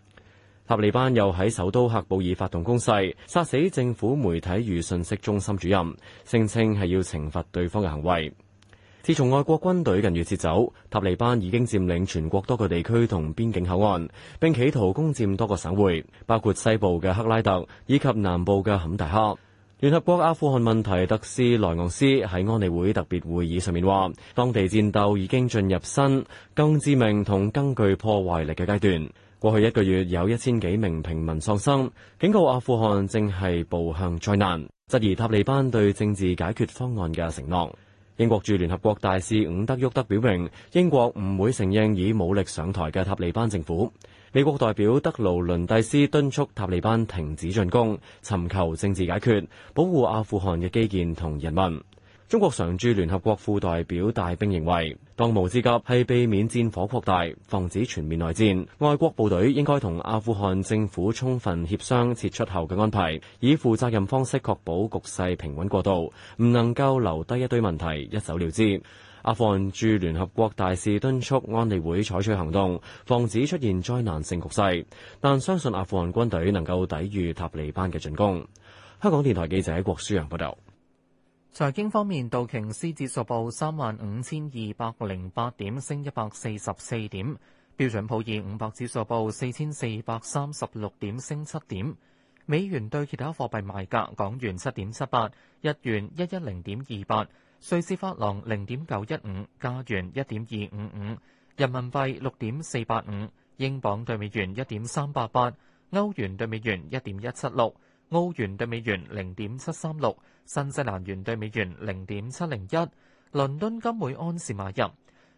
塔利班又喺首都喀布爾發動攻勢，殺死政府媒體與信息中心主任，聲稱係要懲罰對方嘅行為。自從外國軍隊近月撤走，塔利班已經佔領全國多個地區同邊境口岸，並企圖攻佔多個省會，包括西部嘅克拉特以及南部嘅坎大哈。聯合國阿富汗問題特使萊昂斯喺安理會特別會議上面話，當地戰鬥已經進入新、更致命同更具破壞力嘅階段。過去一個月有一千幾名平民喪生，警告阿富汗正係步向災難，質疑塔利班對政治解決方案嘅承諾。英國駐聯合國大使伍德沃德表明，英國唔會承認以武力上台嘅塔利班政府。美國代表德勞倫蒂斯敦促塔利班停止進攻，尋求政治解決，保護阿富汗嘅基建同人民。中國常駐聯合國副代表大兵認為，當務之急係避免戰火擴大，防止全面內戰。外國部隊應該同阿富汗政府充分協商撤出後嘅安排，以負責任方式確保局勢平穩過渡，唔能夠留低一堆問題，一走了之。阿富汗駐聯合國大使敦促安理會採取行動，防止出現災難性局勢。但相信阿富汗軍隊能夠抵禦塔利班嘅進攻。香港電台記者郭舒陽報道。財經方面，道瓊斯指數報三萬五千二百零八點，升一百四十四點；標準普爾五百指數報四千四百三十六點，升七點。美元對其他貨幣賣價：港元七點七八，日元一一零點二八，瑞士法郎零點九一五，加元一點二五五，人民幣六點四八五，英鎊對美元一點三八八，歐元對美元一點一七六，澳元對美元零點七三六。新西蘭元對美元零點七零一，倫敦金每盎司買入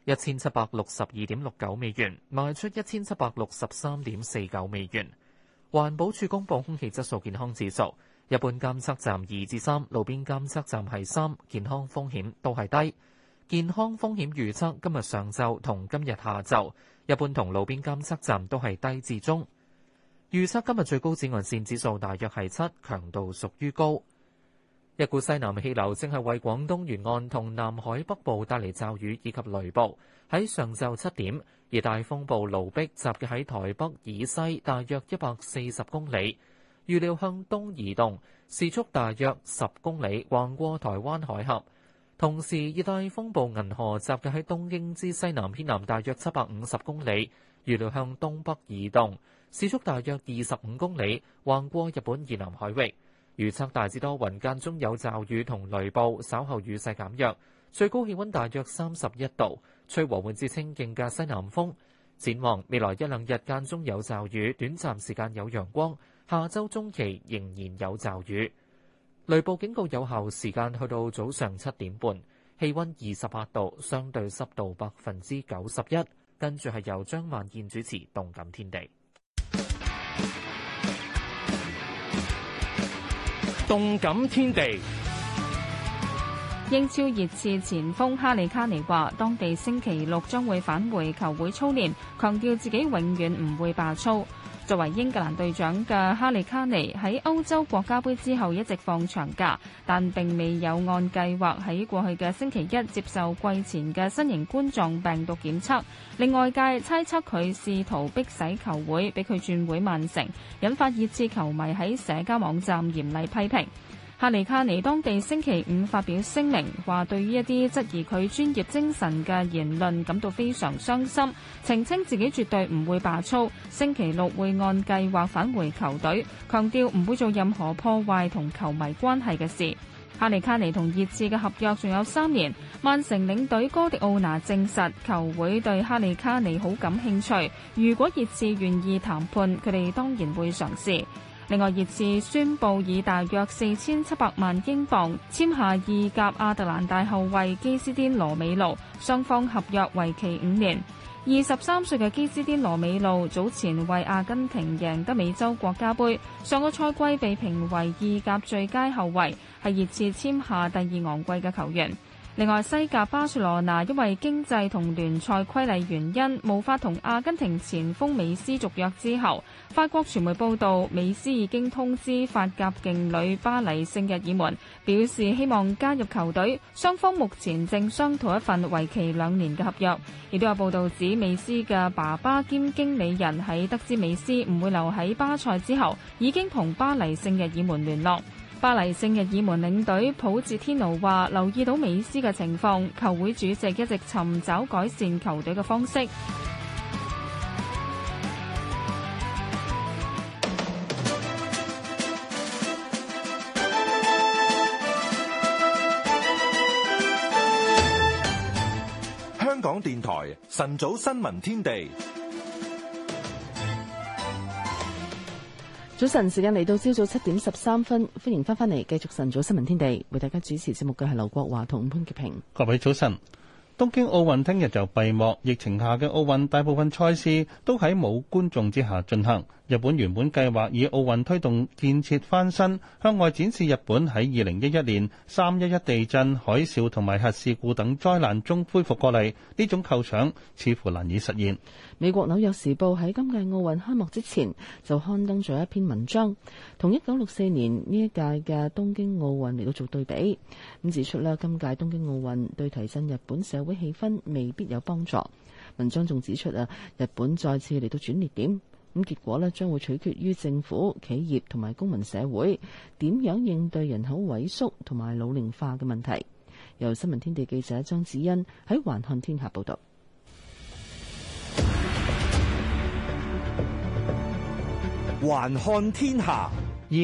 一千七百六十二點六九美元，賣出一千七百六十三點四九美元。環保署公佈空氣質素健康指數，一般監測站二至三，3，路邊監測站係三，健康風險都係低。健康風險預測今，上今日上晝同今日下晝，一般同路邊監測站都係低至中。預測今日最高紫外線指數大約係七，強度屬於高。一股西南氣流正係為廣東沿岸同南海北部帶嚟驟雨以及雷暴。喺上晝七點，熱帶風暴盧碧集結喺台北以西大約一百四十公里，預料向東移動，時速大約十公里，橫過台灣海峽。同時，熱帶風暴銀河集結喺東京之西南偏南大約七百五十公里，預料向東北移動，時速大約二十五公里，橫過日本以南海域。預測大致多雲，間中有驟雨同雷暴，稍後雨勢減弱。最高氣溫大約三十一度，吹和緩至清勁嘅西南風。展望未來一兩日間中有驟雨，短暫時間有陽光。下周中期仍然有驟雨，雷暴警告有效時間去到早上七點半。氣溫二十八度，相對濕度百分之九十一。跟住係由張萬健主持《動感天地》。動感天地。英超熱刺前鋒哈里卡尼話，當地星期六將會返回球會操練，強調自己永遠唔會罷操。作為英格蘭隊長嘅哈利卡尼喺歐洲國家盃之後一直放長假，但並未有按計劃喺過去嘅星期一接受季前嘅新型冠狀病毒檢測，令外界猜測佢試圖逼使球會俾佢轉會曼城，引發熱刺球迷喺社交網站嚴厲批評。哈利卡尼當地星期五發表聲明，話對於一啲質疑佢專業精神嘅言論感到非常傷心，澄清自己絕對唔會罷操，星期六會按計劃返回球隊，強調唔會做任何破壞同球迷關係嘅事。哈利卡尼同熱刺嘅合約仲有三年，曼城領隊哥迪奧拿證實球會對哈利卡尼好感興趣，如果熱刺願意談判，佢哋當然會嘗試。另外，熱刺宣布以大約四千七百萬英鎊簽下意甲亞特蘭大後衛基斯甸羅美路，雙方合約為期五年。二十三歲嘅基斯甸羅美路早前為阿根廷贏得美洲國家杯，上個賽季被評為意甲最佳後衛，係熱刺簽下第二昂貴嘅球員。另外，西甲巴塞羅那因為經濟同聯賽規例原因，無法同阿根廷前鋒美斯續約之後，法國傳媒報道美斯已經通知法甲勁旅巴黎聖日耳門表示希望加入球隊，雙方目前正商討一份為期兩年嘅合約，亦都有報道指，美斯嘅爸爸兼經理人喺得知美斯唔會留喺巴塞之後已經同巴黎聖日耳門聯絡。巴黎聖日耳門領隊普智天奴話：留意到美斯嘅情況，球會主席一直尋找改善球隊嘅方式。香港電台晨早新聞天地。早晨，時間嚟到朝早七點十三分，歡迎翻返嚟繼續晨早新聞天地。為大家主持節目嘅係劉國華同潘潔平。各位早晨。東京奧運聽日就閉幕，疫情下嘅奧運大部分賽事都喺冇觀眾之下進行。日本原本計劃以奧運推動建設翻新，向外展示日本喺二零一一年三一一地震、海嘯同埋核事故等災難中恢復過嚟。呢種構想似乎難以實現。美國紐約時報喺今屆奧運開幕之前就刊登咗一篇文章，同一九六四年呢一屆嘅東京奧運嚟到做對比，咁指出啦，今屆東京奧運對提振日本社會氣氛未必有幫助。文章仲指出啊，日本再次嚟到轉捩點。咁結果咧，將會取決於政府、企業同埋公民社會點樣應對人口萎縮同埋老年化嘅問題。由新聞天地記者張子欣喺環看天下報道。《環看天下》二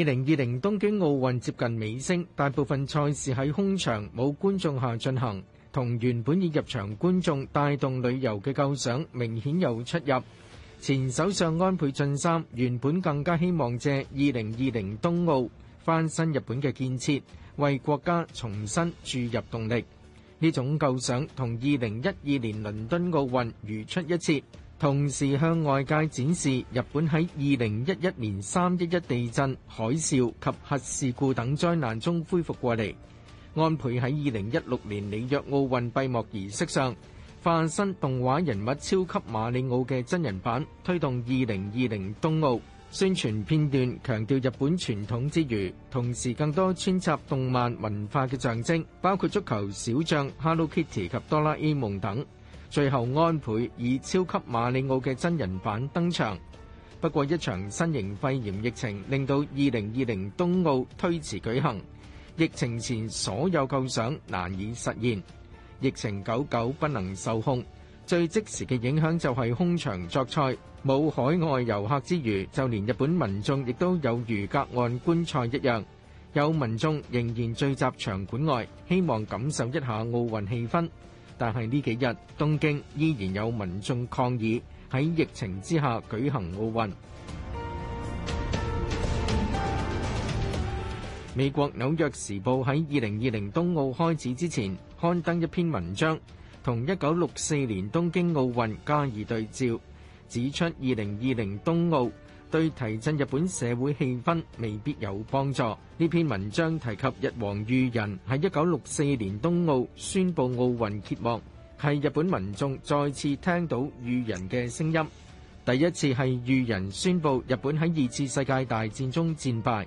零二零東京奧運接近尾聲，大部分賽事喺空場冇觀眾下進行，同原本已入場觀眾帶動旅遊嘅構想，明顯有出入。前首相安倍晉三原本更加希望借二零二零東奧翻新日本嘅建設，為國家重新注入動力。呢種構想同二零一二年倫敦奧運如出一轍，同時向外界展示日本喺二零一一年三一一地震、海嘯及核事故等災難中恢復過嚟。安倍喺二零一六年里約奧運閉，閉幕儀式上。化身動畫人物超級馬里奧嘅真人版，推動二零二零東奧宣傳片段，強調日本傳統之餘，同時更多穿插動漫文化嘅象徵，包括足球小將、Hello Kitty 及哆啦 A 夢等。最後安倍以超級馬里奧嘅真人版登場。不過，一場新型肺炎疫情令到二零二零東奧推遲舉行，疫情前所有構想難以實現。疫情久久不能受控，最即時嘅影響就係空場作賽，冇海外遊客之餘，就連日本民眾亦都有如隔岸觀賽一樣，有民眾仍然聚集場館外，希望感受一下奧運氣氛，但係呢幾日，東京依然有民眾抗議，喺疫情之下舉行奧運。美國紐約時報喺二零二零東奧開始之前刊登一篇文章，同一九六四年東京奧運加以對照，指出二零二零東奧對提振日本社會氣氛未必有幫助。呢篇文章提及日皇裕仁喺一九六四年東奧宣布奧運揭幕，係日本民眾再次聽到裕仁嘅聲音。第一次係裕仁宣布日本喺二次世界大戰中戰敗。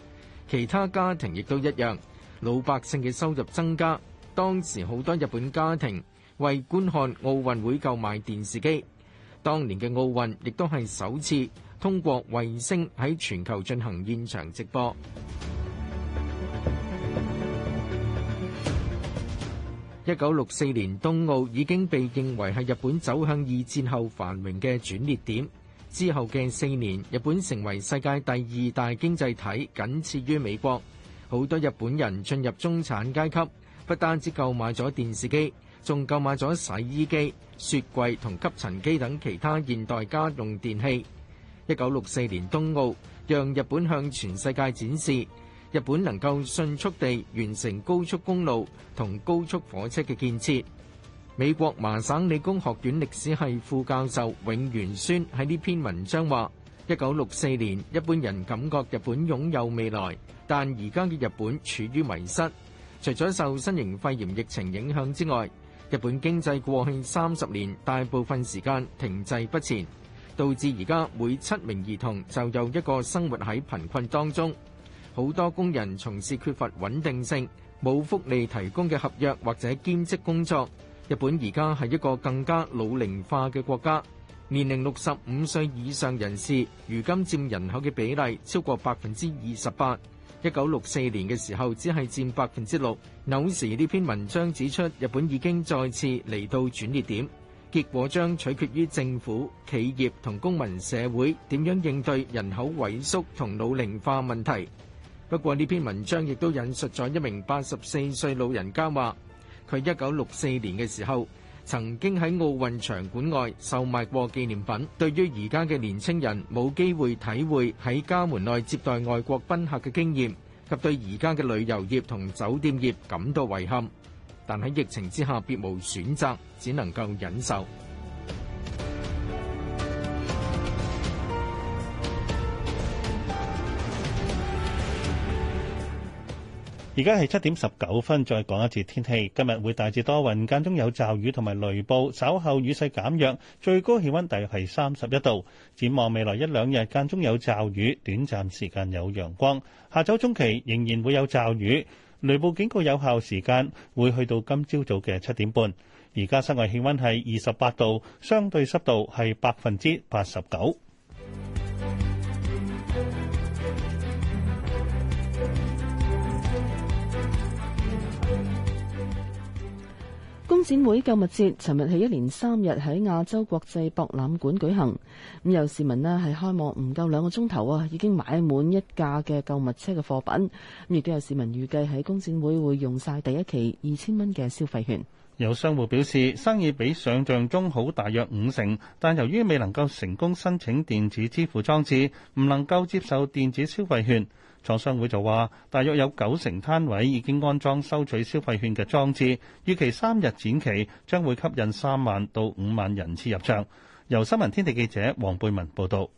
其他家庭亦都一樣，老百姓嘅收入增加。當時好多日本家庭為觀看奧運會購買電視機。當年嘅奧運亦都係首次通過衛星喺全球進行現場直播。一九六四年東奧已經被認為係日本走向二戰後繁榮嘅轉捩點。之後嘅四年，日本成為世界第二大經濟體，僅次於美國。好多日本人進入中產階級，不單只購買咗電視機，仲購買咗洗衣機、雪櫃同吸塵機等其他現代家用電器。一九六四年東奧，讓日本向全世界展示，日本能夠迅速地完成高速公路同高速火車嘅建設。美國麻省理工學院歷史系副教授永元宣喺呢篇文章話：一九六四年，一般人感覺日本擁有未來，但而家嘅日本處於迷失。除咗受新型肺炎疫情影響之外，日本經濟過去三十年大部分時間停滯不前，導致而家每七名兒童就有一個生活喺貧困當中。好多工人從事缺乏穩定性、冇福利提供嘅合約或者兼職工作。日本而家係一個更加老齡化嘅國家，年齡六十五歲以上人士如今佔人口嘅比例超過百分之二十八。一九六四年嘅時候，只係佔百分之六。紐時呢篇文章指出，日本已經再次嚟到轉捩點，結果將取決於政府、企業同公民社會點樣應對人口萎縮同老齡化問題。不過呢篇文章亦都引述咗一名八十四歲老人家話。佢一九六四年嘅時候，曾經喺奧運場館外售賣過紀念品。對於而家嘅年青人冇機會體會喺家門內接待外國賓客嘅經驗，及對而家嘅旅遊業同酒店業感到遺憾。但喺疫情之下，別無選擇，只能夠忍受。而家係七點十九分，再講一次天氣。今日會大致多雲，間中有驟雨同埋雷暴，稍後雨勢減弱，最高氣溫大約係三十一度。展望未來一兩日，間中有驟雨，短暫時間有陽光。下晝中期仍然會有驟雨，雷暴警告有效時間會去到今朝早嘅七點半。而家室外氣溫係二十八度，相對濕度係百分之八十九。工展會購物節尋日係一連三日喺亞洲國際博覽館舉行，咁有市民呢係開幕唔夠兩個鐘頭啊，已經買滿一架嘅購物車嘅貨品。亦都有市民預計喺工展會會用晒第一期二千蚊嘅消費券。有商戶表示，生意比想象中好大約五成，但由於未能夠成功申請電子支付裝置，唔能夠接受電子消費券。廠商會就話，大約有九成攤位已經安裝收取消費券嘅裝置，預期三日展期將會吸引三萬到五萬人次入場。由新聞天地記者黃貝文報道。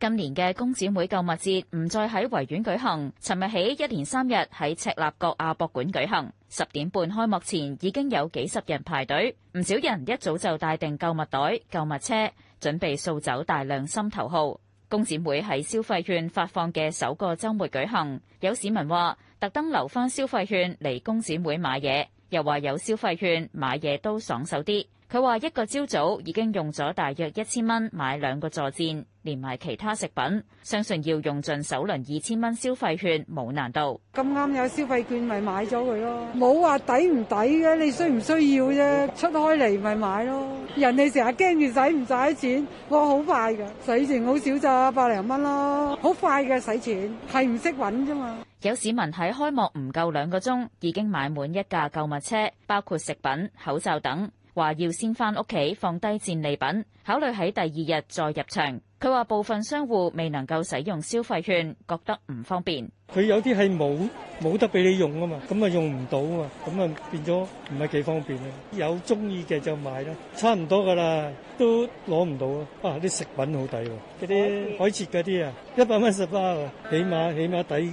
今年嘅工展會購物節唔再喺維園舉行，尋日起一連三日喺赤鱲角亞博館舉行。十點半開幕前已經有幾十人排隊，唔少人一早就帶定購物袋、購物車，準備掃走大量心頭號。工展會係消費券發放嘅首個周末舉行，有市民話特登留翻消費券嚟工展會買嘢，又話有消費券買嘢都爽手啲。佢話：一個朝早已經用咗大約一千蚊買兩個坐墊，連埋其他食品，相信要用盡首輪二千蚊消費券，冇難度。咁啱有消費券，咪買咗佢咯。冇話抵唔抵嘅，你需唔需要啫？出開嚟咪買咯。人哋成日驚住使唔使錢，我好快㗎，使錢好少咋，百零蚊咯，好快嘅使錢係唔識揾啫嘛。有市民喺開幕唔夠兩個鐘已經買滿一架購物車，包括食品、口罩等。話要先翻屋企放低戰利品，考慮喺第二日再入場。佢話部分商戶未能夠使用消費券，覺得唔方便。佢有啲係冇冇得俾你用啊嘛，咁啊用唔到啊嘛，咁啊變咗唔係幾方便啊。有中意嘅就買啦，差唔多噶啦，都攞唔到啊。哇，啲食品好抵喎，嗰啲海蜇嗰啲啊，一百蚊十包啊，起碼起碼抵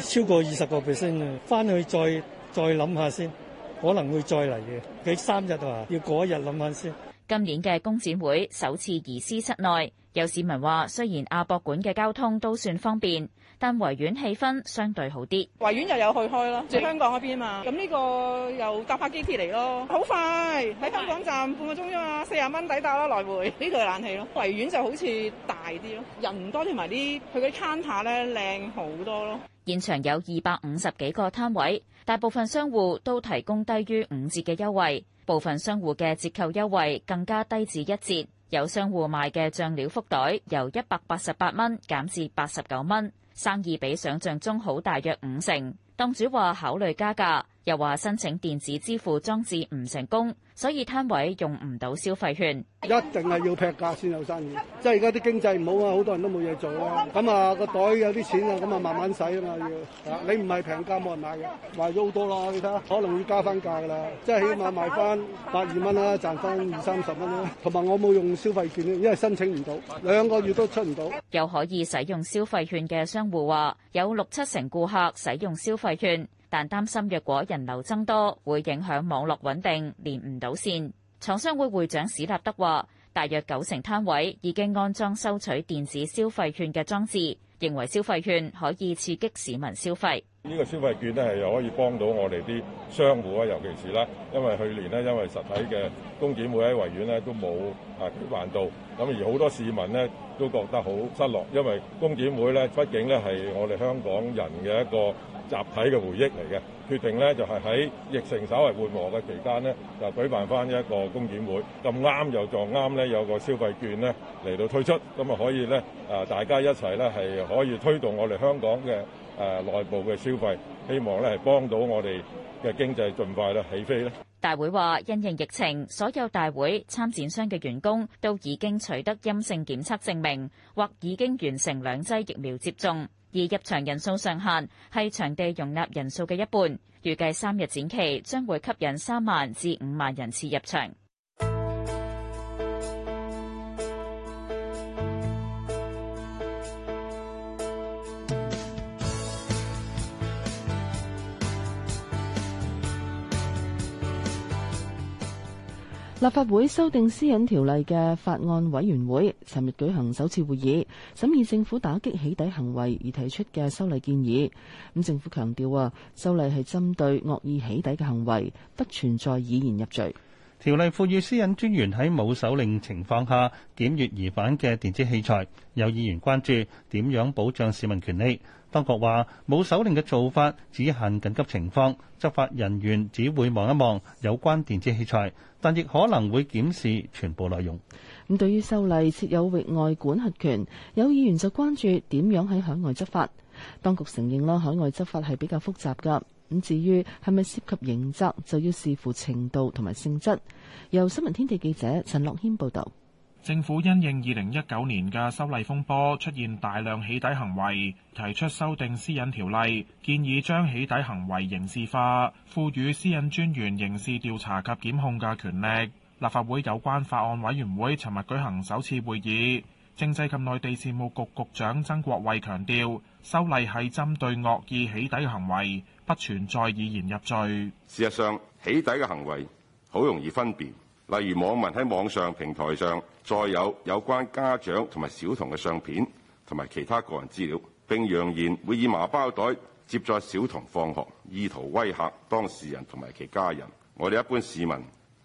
超過二十個 percent 啊。翻去再再諗下先。可能會再嚟嘅。幾三日啊，要過一日諗下先。今年嘅工展會首次移師室內，有市民話：雖然亞博館嘅交通都算方便，但維園氣氛相對好啲。維園又有去開咯，住的香港嗰邊嘛。咁呢個又搭返機鐵嚟咯，好快喺香港站半個鐘啫嘛，四十蚊抵達啦，來回呢度有冷氣咯。維園就好似大啲咯，人多同埋啲，佢嗰啲攤下咧靚好多咯。現場有二百五十幾個攤位。大部分商戶都提供低於五折嘅優惠，部分商戶嘅折扣優惠更加低至一折。有商戶賣嘅醬料福袋由一百八十八蚊減至八十九蚊，生意比想象中好大約五成。檔主話考慮加價。又話申請電子支付裝置唔成功，所以攤位用唔到消費券。一定係要劈價先有生意，即係而家啲經濟唔好啊，好多人都冇嘢做啦。咁啊，個袋有啲錢啊，咁啊慢慢使啊嘛。要你唔係平價冇人買嘅，賣咗好多啦，你睇下，可能會加翻價噶啦。即係起碼賣翻百二蚊啦，賺翻二三十蚊啦。同埋我冇用消費券，因為申請唔到，兩個月都出唔到。又可以使用消費券嘅商戶話：有六七成顧客使用消費券。但擔心若果人流增多，會影響網絡穩定，連唔到線。廠商會會長史立德話，大約九成攤位已經安裝收取電子消費券嘅裝置，認為消費券可以刺激市民消費。呢個消費券咧係又可以幫到我哋啲商戶啊，尤其是咧，因為去年咧因為實體嘅工展會喺維園咧都冇啊舉辦到。咁而好多市民咧都覺得好失落，因為工展會咧畢竟咧係我哋香港人嘅一個集體嘅回憶嚟嘅。決定咧就係喺疫情稍為緩和嘅期間咧，就舉辦翻一個工展會。咁啱又撞啱咧，有個消費券咧嚟到推出，咁啊可以咧誒大家一齊咧係可以推動我哋香港嘅誒內部嘅消費，希望咧係幫到我哋嘅經濟盡快咧起飛咧。大會話，因應疫情，所有大會參展商嘅員工都已經取得陰性檢測證明，或已經完成兩劑疫苗接種，而入場人數上限係場地容納人數嘅一半。預計三日展期將會吸引三萬至五萬人次入場。立法會修訂私隱條例嘅法案委員會尋日舉行首次會議，審議政府打擊起底行為而提出嘅修例建議。咁政府強調啊，修例係針對惡意起底嘅行為，不存在以言入罪。條例賦予私隱專員喺冇手令情況下檢閱疑犯嘅電子器材，有議員關注點樣保障市民權利。當局話冇手令嘅做法只限緊急情況，執法人員只會望一望有關電子器材，但亦可能會檢視全部內容。咁對於修例設有域外管轄權，有議員就關注點樣喺海外執法。當局承認啦，海外執法係比較複雜㗎。咁至於係咪涉及刑責，就要視乎程度同埋性質。由新聞天地記者陳樂軒報道。政府因應二零一九年嘅修例風波出現大量起底行為，提出修訂私隱條例，建議將起底行為刑事化，賦予私隱專員刑事調查及檢控嘅權力。立法會有關法案委員會尋日舉行首次會議，政制及內地事務局局，局長曾國衛強調，修例係針對惡意起底嘅行為，不存在以言入罪。事實上，起底嘅行為好容易分辨。例如網民喺網上平台上再有有關家長同埋小童嘅相片同埋其他個人資料，並揚言會以麻包袋接載小童放學，意圖威嚇當事人同埋其家人。我哋一般市民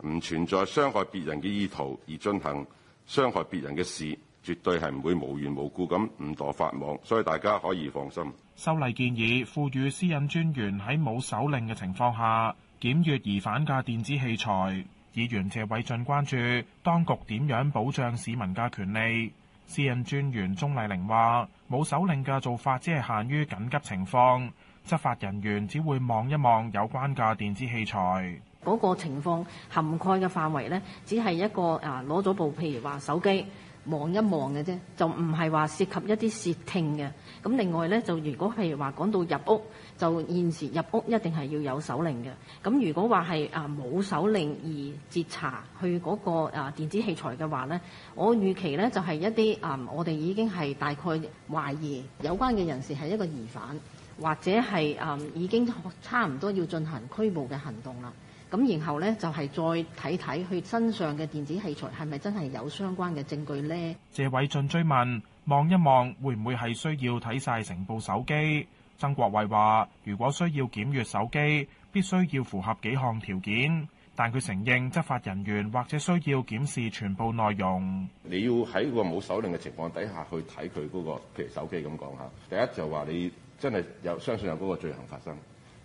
唔存在傷害別人嘅意圖而進行傷害別人嘅事，絕對係唔會無緣無故咁誤墮法網，所以大家可以放心。修例建議賦予私隱專員喺冇手令嘅情況下檢閱疑犯嘅電子器材。議員謝偉俊關注當局點樣保障市民嘅權利。私隱專員鍾麗玲話：冇手令嘅做法只係限於緊急情況，執法人員只會望一望有關嘅電子器材。嗰個情況涵蓋嘅範圍呢，只係一個啊攞咗部譬如話手機望一望嘅啫，就唔係話涉及一啲竊聽嘅。咁另外呢，就如果譬如話講到入屋。就現時入屋一定係要有手令嘅。咁如果話係啊冇手令而截查去嗰個啊電子器材嘅話，呢我預期呢就係一啲啊，我哋已經係大概懷疑有關嘅人士係一個疑犯，或者係啊已經差唔多要進行拘捕嘅行動啦。咁然後呢，就係再睇睇佢身上嘅電子器材係咪真係有相關嘅證據呢？謝偉俊追問：望一望會唔會係需要睇晒成部手機？曾國衛話，如果需要檢閱手機，必須要符合幾項條件，但佢承認執法人員或者需要檢視全部內容。你要喺個冇手令嘅情況底下去睇佢嗰個譬如手機咁講下，第一就話你真係有相信有嗰個罪行發生，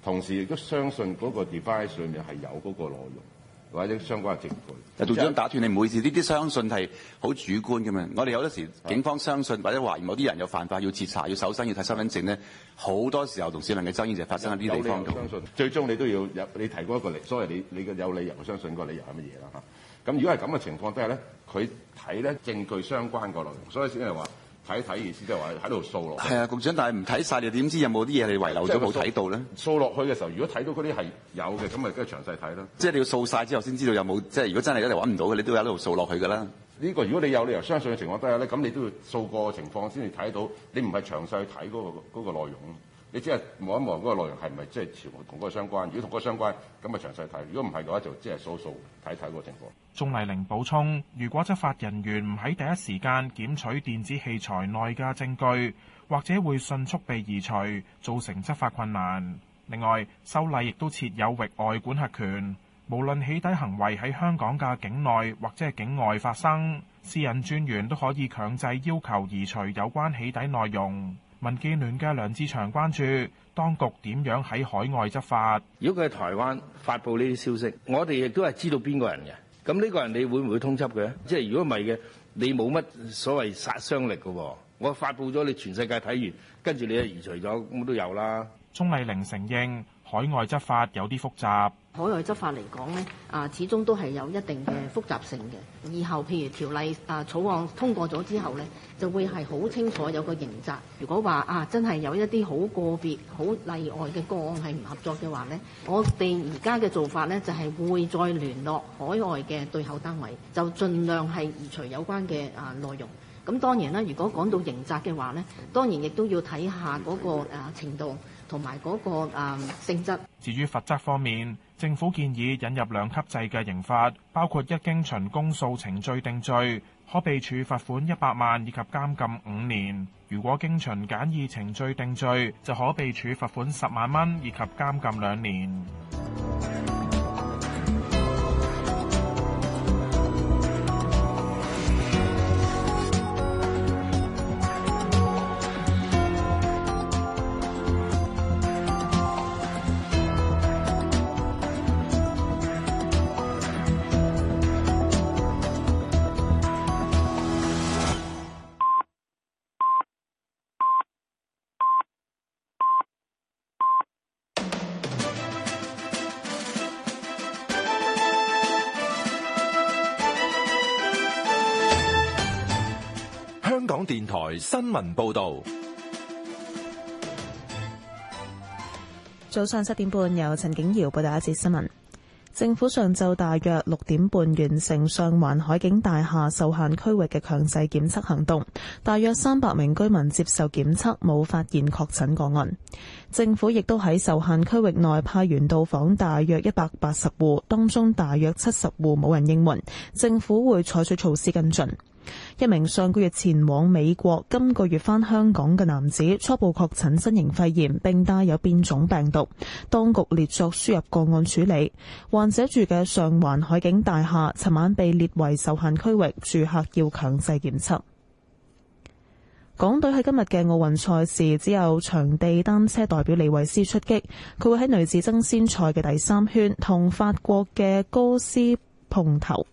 同時亦都相信嗰個 device 上面係有嗰個內容。或者相關嘅證據。杜總在打斷你，唔好意思呢啲相信係好主觀㗎嘛。我哋有陣時警方相信或者懷疑某啲人有犯法，要截查、要搜身、要身、要睇身份證咧，好多時候同市民嘅爭議就發生喺呢地方度。有理由相信，麼最終你都要有你提供一個理由。所謂你你嘅有理由相信個理由係乜嘢啦？嚇。咁如果係咁嘅情況下，都係咧，佢睇咧證據相關個內容，所以先係話。睇睇意思即係話喺度掃落。係啊，局長，但係唔睇晒，你點知有冇啲嘢你遺留咗冇睇到咧？掃落去嘅時候，如果睇到嗰啲係有嘅，咁咪梗係詳細睇啦。即係你要掃晒之後先知道有冇，即係如果真係一嚟揾唔到嘅，你都要喺度掃落去㗎啦。呢個如果你有理由相信嘅情況底下咧，咁你都要掃過情況先至睇到，你唔係詳細去睇嗰個嗰、嗰個內容。你即係望一望嗰個內容係咪即係同嗰個相關？如果同嗰個相關，咁咪詳細睇；如果唔係嘅話，就即係數數睇睇嗰個情況。鍾麗玲補充：如果執法人員唔喺第一時間檢取電子器材內嘅證據，或者會迅速被移除，造成執法困難。另外，修例亦都設有域外管轄權，無論起底行為喺香港嘅境內或者係境外發生，私隱專員都可以強制要求移除有關起底內容。民建聯嘅梁志祥關注當局點樣喺海外執法。如果佢喺台灣發布呢啲消息，我哋亦都係知道邊個人嘅。咁呢個人你會唔會通緝佢？即係如果唔係嘅，你冇乜所謂殺傷力㗎。我發布咗，你全世界睇完，跟住你又移除咗，咁都有啦。鍾麗玲承認海外執法有啲複雜。海外執法嚟講咧，啊始終都係有一定嘅複雜性嘅。以後譬如條例啊草案通過咗之後咧，就會係好清楚有個刑責。如果話啊真係有一啲好個別好例外嘅個案係唔合作嘅話咧，我哋而家嘅做法咧就係、是、會再聯絡海外嘅對口單位，就盡量係移除有關嘅啊內容。咁、啊、當然啦，如果講到刑責嘅話咧，當然亦都要睇下嗰個啊程度同埋嗰個啊性質。至於罰則方面。政府建議引入兩級制嘅刑法，包括一經循公訴程序定罪，可被處罰款一百萬以及監禁五年；如果經循簡易程序定罪，就可被處罰款十萬蚊以及監禁兩年。新聞報道，早上七點半由陳景堯報道一節新聞。政府上晝大約六點半完成上環海景大廈受限區域嘅強制檢測行動，大約三百名居民接受檢測，冇發現確診個案。政府亦都喺受限區域內派員到訪大約一百八十戶，當中大約七十戶冇人應門，政府會採取措施跟進。一名上個月前往美國，今個月返香港嘅男子初步確診新型肺炎，並帶有變種病毒，當局列作輸入個案處理。患者住嘅上環海景大廈，尋晚被列為受限區域，住客要強制檢測。港隊喺今日嘅奧運賽事只有場地單車代表李慧詩出擊，佢會喺女子爭先賽嘅第三圈同法國嘅高斯碰頭。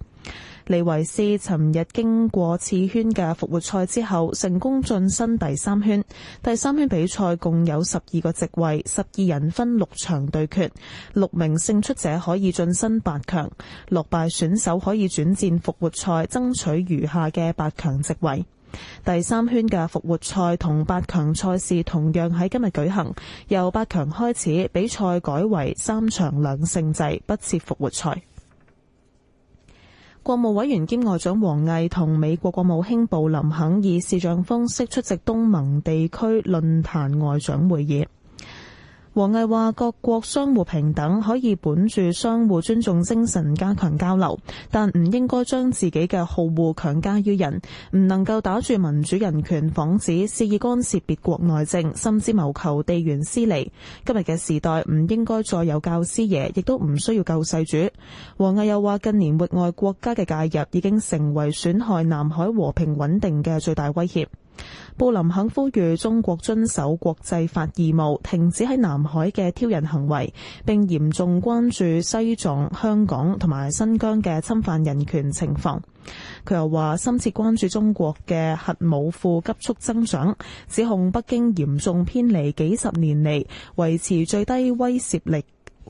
李維斯尋日經過次圈嘅復活賽之後，成功晉身第三圈。第三圈比賽共有十二個席位，十二人分六場對決，六名勝出者可以晉身八強。落敗選手可以轉戰復活賽，爭取餘下嘅八強席位。第三圈嘅復活賽同八強賽事同樣喺今日舉行，由八強開始，比賽改為三場兩勝制，不設復活賽。國務委員兼外長王毅同美國國務卿布林肯以視像方式出席東盟地區論壇外長會議。王毅話：各國相互平等，可以本住相互尊重精神加強交流，但唔應該將自己嘅好惡強加於人，唔能夠打住民主人權幌子，肆意干涉別國內政，甚至謀求地緣私利。今日嘅時代唔應該再有教師爺，亦都唔需要救世主。王毅又話：近年域外國家嘅介入已經成為損害南海和平穩定嘅最大威脅。布林肯呼籲中國遵守國際法義務，停止喺南海嘅挑釁行為，並嚴重關注西藏、香港同埋新疆嘅侵犯人權情況。佢又話深切關注中國嘅核武庫急速增長，指控北京嚴重偏離幾十年嚟維持最低威懾力，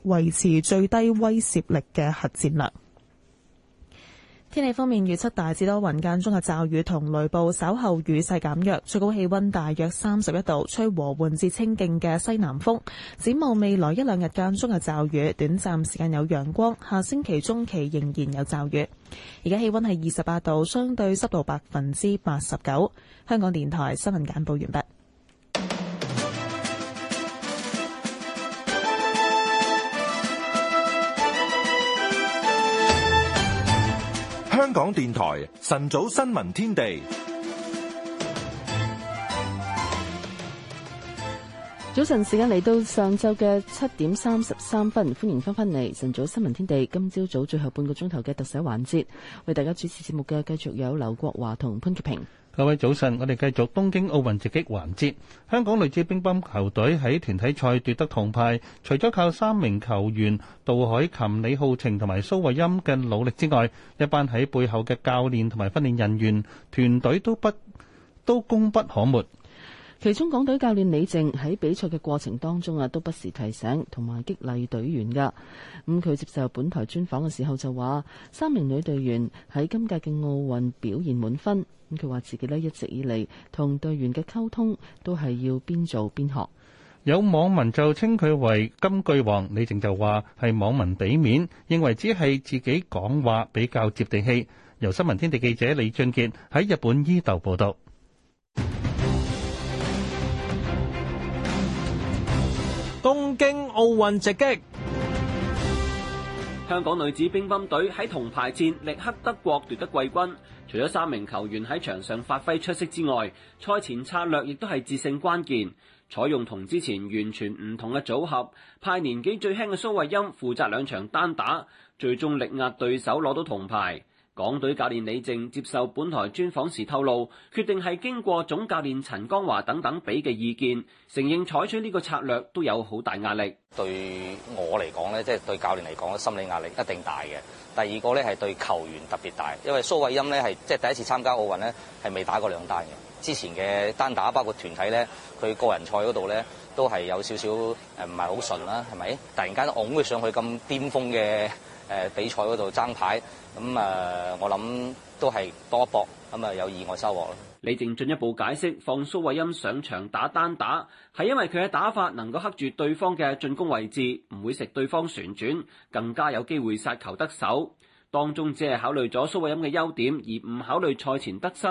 維持最低威懾力嘅核戰略。天氣方面，預測大致多雲，間中嘅驟雨同雷暴，稍後雨勢減弱，最高氣溫大約三十一度，吹和緩至清勁嘅西南風。展望未來一兩日間中嘅驟雨，短暫時間有陽光，下星期中期仍然有驟雨。而家氣溫係二十八度，相對濕度百分之八十九。香港電台新聞簡報完畢。香港電台晨早新聞天地，早晨時間嚟到上晝嘅七點三十三分，歡迎翻返嚟晨早新聞天地。今朝早，早最後半個鐘頭嘅特寫環節，為大家主持節目嘅繼續有劉國華同潘潔平。各位早晨，我哋繼續東京奧運直擊環節。香港女子乒，乒乓球隊喺團體賽奪得銅牌，除咗靠三名球員杜凱琹、李皓晴同埋蘇慧音嘅努力之外，一班喺背後嘅教練同埋訓練人員團隊都不都功不可沒。其中，港隊教練李靜喺比賽嘅過程當中啊，都不時提醒同埋激勵隊員噶。咁、嗯、佢接受本台專訪嘅時候就話三名女隊員喺今屆嘅奧運表現滿分。咁佢話自己咧一直以嚟同隊員嘅溝通都係要邊做邊學。有網民就稱佢為金句王，李靜就話係網民俾面，認為只係自己講話比較接地氣。由新聞天地記者李俊杰喺日本伊豆報道。東京奧運直擊，香港女子乒乓隊喺銅牌戰力克德國奪得季軍。除咗三名球員喺場上發揮出色之外，賽前策略亦都係致勝關鍵。採用同之前完全唔同嘅組合，派年紀最輕嘅蘇慧音負責兩場單打，最終力壓對手攞到銅牌。港隊教練李靜接受本台專訪時透露，決定係經過總教練陳江華等等俾嘅意見，承認採取呢個策略都有好大壓力。對我嚟講咧，即係對教練嚟講，心理壓力一定大嘅。第二個咧係對球員特別大，因為蘇慧音咧係即係第一次參加奧運咧，係未打過兩單嘅。之前嘅單打包括團體咧，佢個人賽嗰度咧都係有少少誒唔係好順啦，係咪？突然間拱佢上去咁巔峰嘅。誒比賽嗰度爭牌咁，誒，我諗都係多搏咁，誒，有意外收穫。咯李靜進一步解釋：放蘇慧音上場打單打，係因為佢嘅打法能夠剋住對方嘅進攻位置，唔會食對方旋轉，更加有機會殺球得手。當中只係考慮咗蘇慧音嘅優點，而唔考慮賽前得失。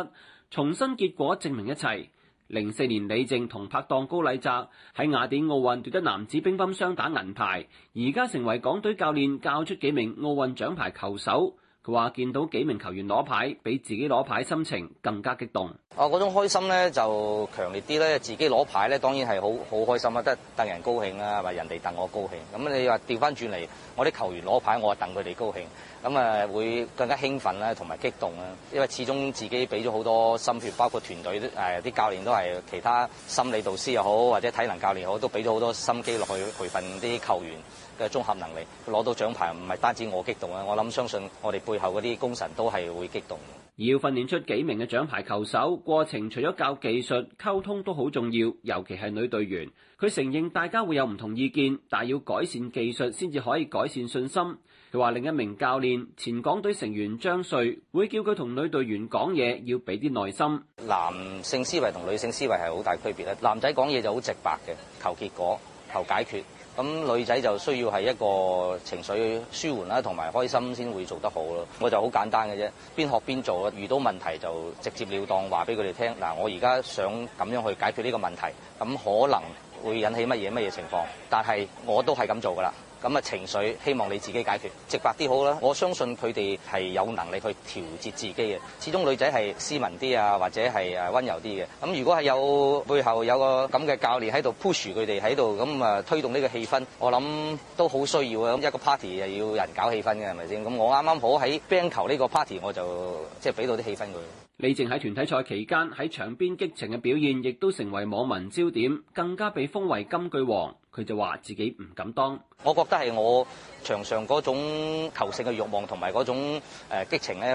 重新結果證明一切。零四年，李靜同拍檔高禮澤喺雅典奧運奪得男子乒乓雙打銀牌，而家成為港隊教練，教出幾名奧運獎牌球手。佢話見到幾名球員攞牌，比自己攞牌心情更加激動。啊，嗰種開心咧就強烈啲咧。自己攞牌咧當然係好好開心啊，得戥人高興啦，或人哋戥我高興。咁、嗯、你話調翻轉嚟，我啲球員攞牌，我啊戥佢哋高興。咁、嗯、啊，會更加興奮啦，同埋激動啦。因為始終自己俾咗好多心血，包括團隊誒啲教練都係其他心理導師又好，或者體能教練好，都俾咗好多心機落去培訓啲球員。嘅綜合能力，攞到獎牌唔係單止我激動啊！我諗相信我哋背後嗰啲功臣都係會激動。而要訓練出幾名嘅獎牌球手，過程除咗教技術，溝通都好重要，尤其係女隊員。佢承認大家會有唔同意見，但要改善技術先至可以改善信心。佢話另一名教練前港隊成員張瑞會叫佢同女隊員講嘢，要俾啲耐心。男性思維同女性思維係好大區別咧。男仔講嘢就好直白嘅，求結果，求解決。咁、嗯、女仔就需要係一個情緒舒緩啦，同埋開心先會做得好咯。我就好簡單嘅啫，邊學邊做，遇到問題就直接了當話俾佢哋聽。嗱、嗯，我而家想咁樣去解決呢個問題，咁、嗯、可能會引起乜嘢乜嘢情況，但係我都係咁做㗎啦。咁啊，情緒希望你自己解決，直白啲好啦。我相信佢哋係有能力去調節自己嘅。始終女仔係斯文啲啊，或者係誒溫柔啲嘅。咁如果係有背後有個咁嘅教練喺度 push 佢哋喺度，咁啊推動呢個氣氛，我諗都好需要啊。咁一個 party 又要人搞氣氛嘅，係咪先？咁我啱啱好喺乒球呢個 party，我就即係俾到啲氣氛佢。李靜喺團體賽期間喺場邊激情嘅表現，亦都成為網民焦點，更加被封為金句王。佢就話自己唔敢當，我覺得係我場上嗰種求勝嘅欲望同埋嗰種激情咧，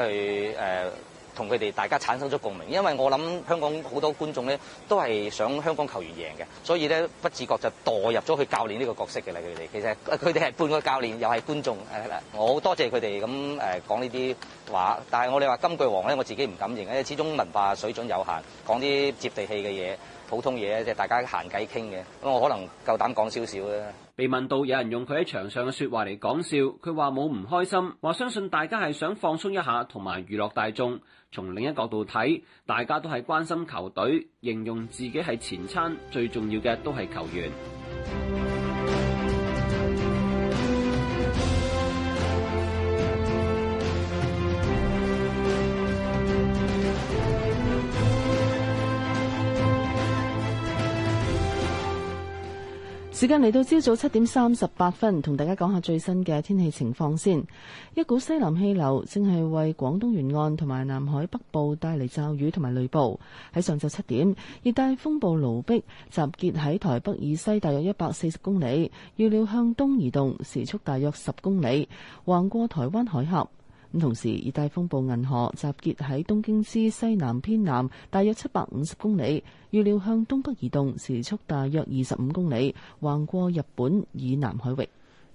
去誒同佢哋大家產生咗共鳴。因為我諗香港好多觀眾咧都係想香港球員贏嘅，所以咧不自覺就墮入咗佢教練呢個角色嘅啦。佢哋其實佢哋係半個教練，又係觀眾。係啦。我好多謝佢哋咁誒講呢啲話，但係我哋話金句王咧，我自己唔敢認，因為始終文化水準有限，講啲接地氣嘅嘢。普通嘢即大家閒偈傾嘅，咁我可能夠膽講少少咧。被問到有人用佢喺場上嘅說話嚟講笑，佢話冇唔開心，話相信大家係想放鬆一下同埋娛樂大眾。從另一角度睇，大家都係關心球隊，形容自己係前餐，最重要嘅都係球員。時間嚟到朝早七點三十八分，同大家講下最新嘅天氣情況先。一股西南氣流正係為廣東沿岸同埋南海北部帶嚟驟雨同埋雷暴。喺上晝七點，熱帶風暴盧碧集結喺台北以西大約一百四十公里，預料向東移動，時速大約十公里，橫過台灣海峽。咁同時熱帶風暴銀河集結喺東京之西南偏南，大約七百五十公里，預料向東北移動，時速大約二十五公里，橫過日本以南海域。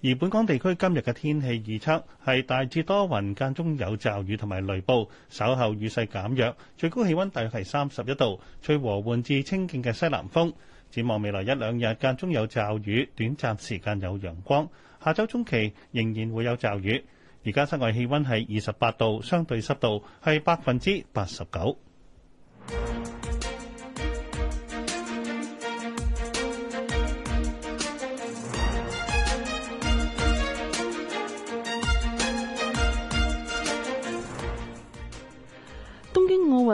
而本港地區今日嘅天氣預測係大致多雲，間中有驟雨同埋雷暴，稍後雨勢減弱，最高氣溫大約係三十一度，吹和緩至清勁嘅西南風。展望未來一兩日，間中有驟雨，短暫時間有陽光，下周中期仍然會有驟雨。而家室外氣溫係二十八度，相對濕度係百分之八十九。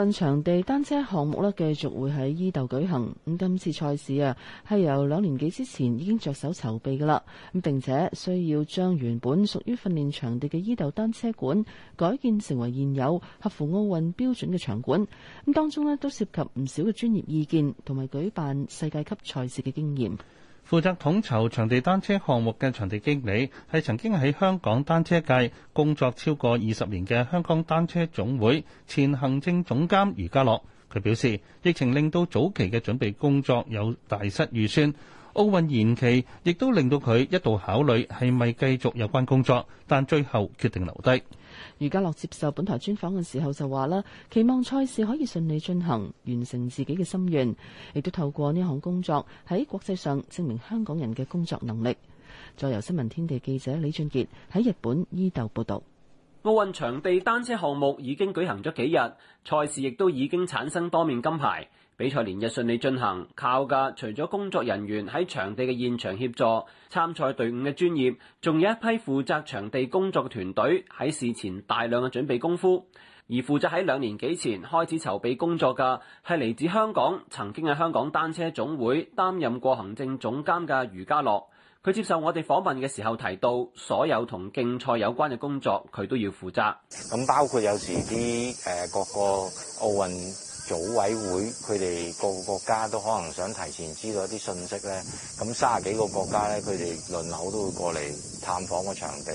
訓練場地單車項目呢繼續會喺伊豆舉行。咁今次賽事啊，係由兩年幾之前已經着手籌備噶啦。咁並且需要將原本屬於訓練場地嘅伊豆單車館改建成為現有合乎奧運標準嘅場館。咁當中呢都涉及唔少嘅專業意見同埋舉辦世界級賽事嘅經驗。負責統籌場地單車項目嘅場地經理係曾經喺香港單車界工作超過二十年嘅香港單車總會前行政總監余家樂。佢表示，疫情令到早期嘅準備工作有大失預算，奧運延期亦都令到佢一度考慮係咪繼續有關工作，但最後決定留低。余家樂接受本台專訪嘅時候就話啦，期望賽事可以順利進行，完成自己嘅心願，亦都透過呢項工作喺國際上證明香港人嘅工作能力。再由新聞天地記者李俊杰喺日本伊豆報道，奧運場地單車項目已經舉行咗幾日，賽事亦都已經產生多面金牌。比賽連日順利進行，靠嘅除咗工作人員喺場地嘅現場協助、參賽隊伍嘅專業，仲有一批負責場地工作嘅團隊喺事前大量嘅準備功夫。而負責喺兩年幾前開始籌備工作嘅係嚟自香港，曾經喺香港單車總會擔任過行政總監嘅余家樂。佢接受我哋訪問嘅時候提到，所有同競賽有關嘅工作佢都要負責。咁包括有時啲誒各個奧運組委會佢哋各個國家都可能想提前知道一啲信息咧，咁三十幾個國家咧，佢哋輪流都會過嚟探訪個場地，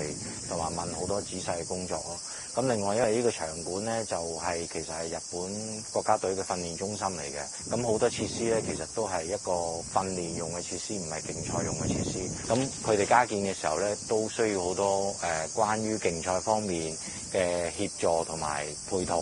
同埋問好多仔細嘅工作咯。咁另外因為呢個場館咧，就係、是、其實係日本國家隊嘅訓練中心嚟嘅，咁好多設施咧，其實都係一個訓練用嘅設施，唔係競賽用嘅設施。咁佢哋加建嘅時候咧，都需要好多誒、呃、關於競賽方面嘅協助同埋配套，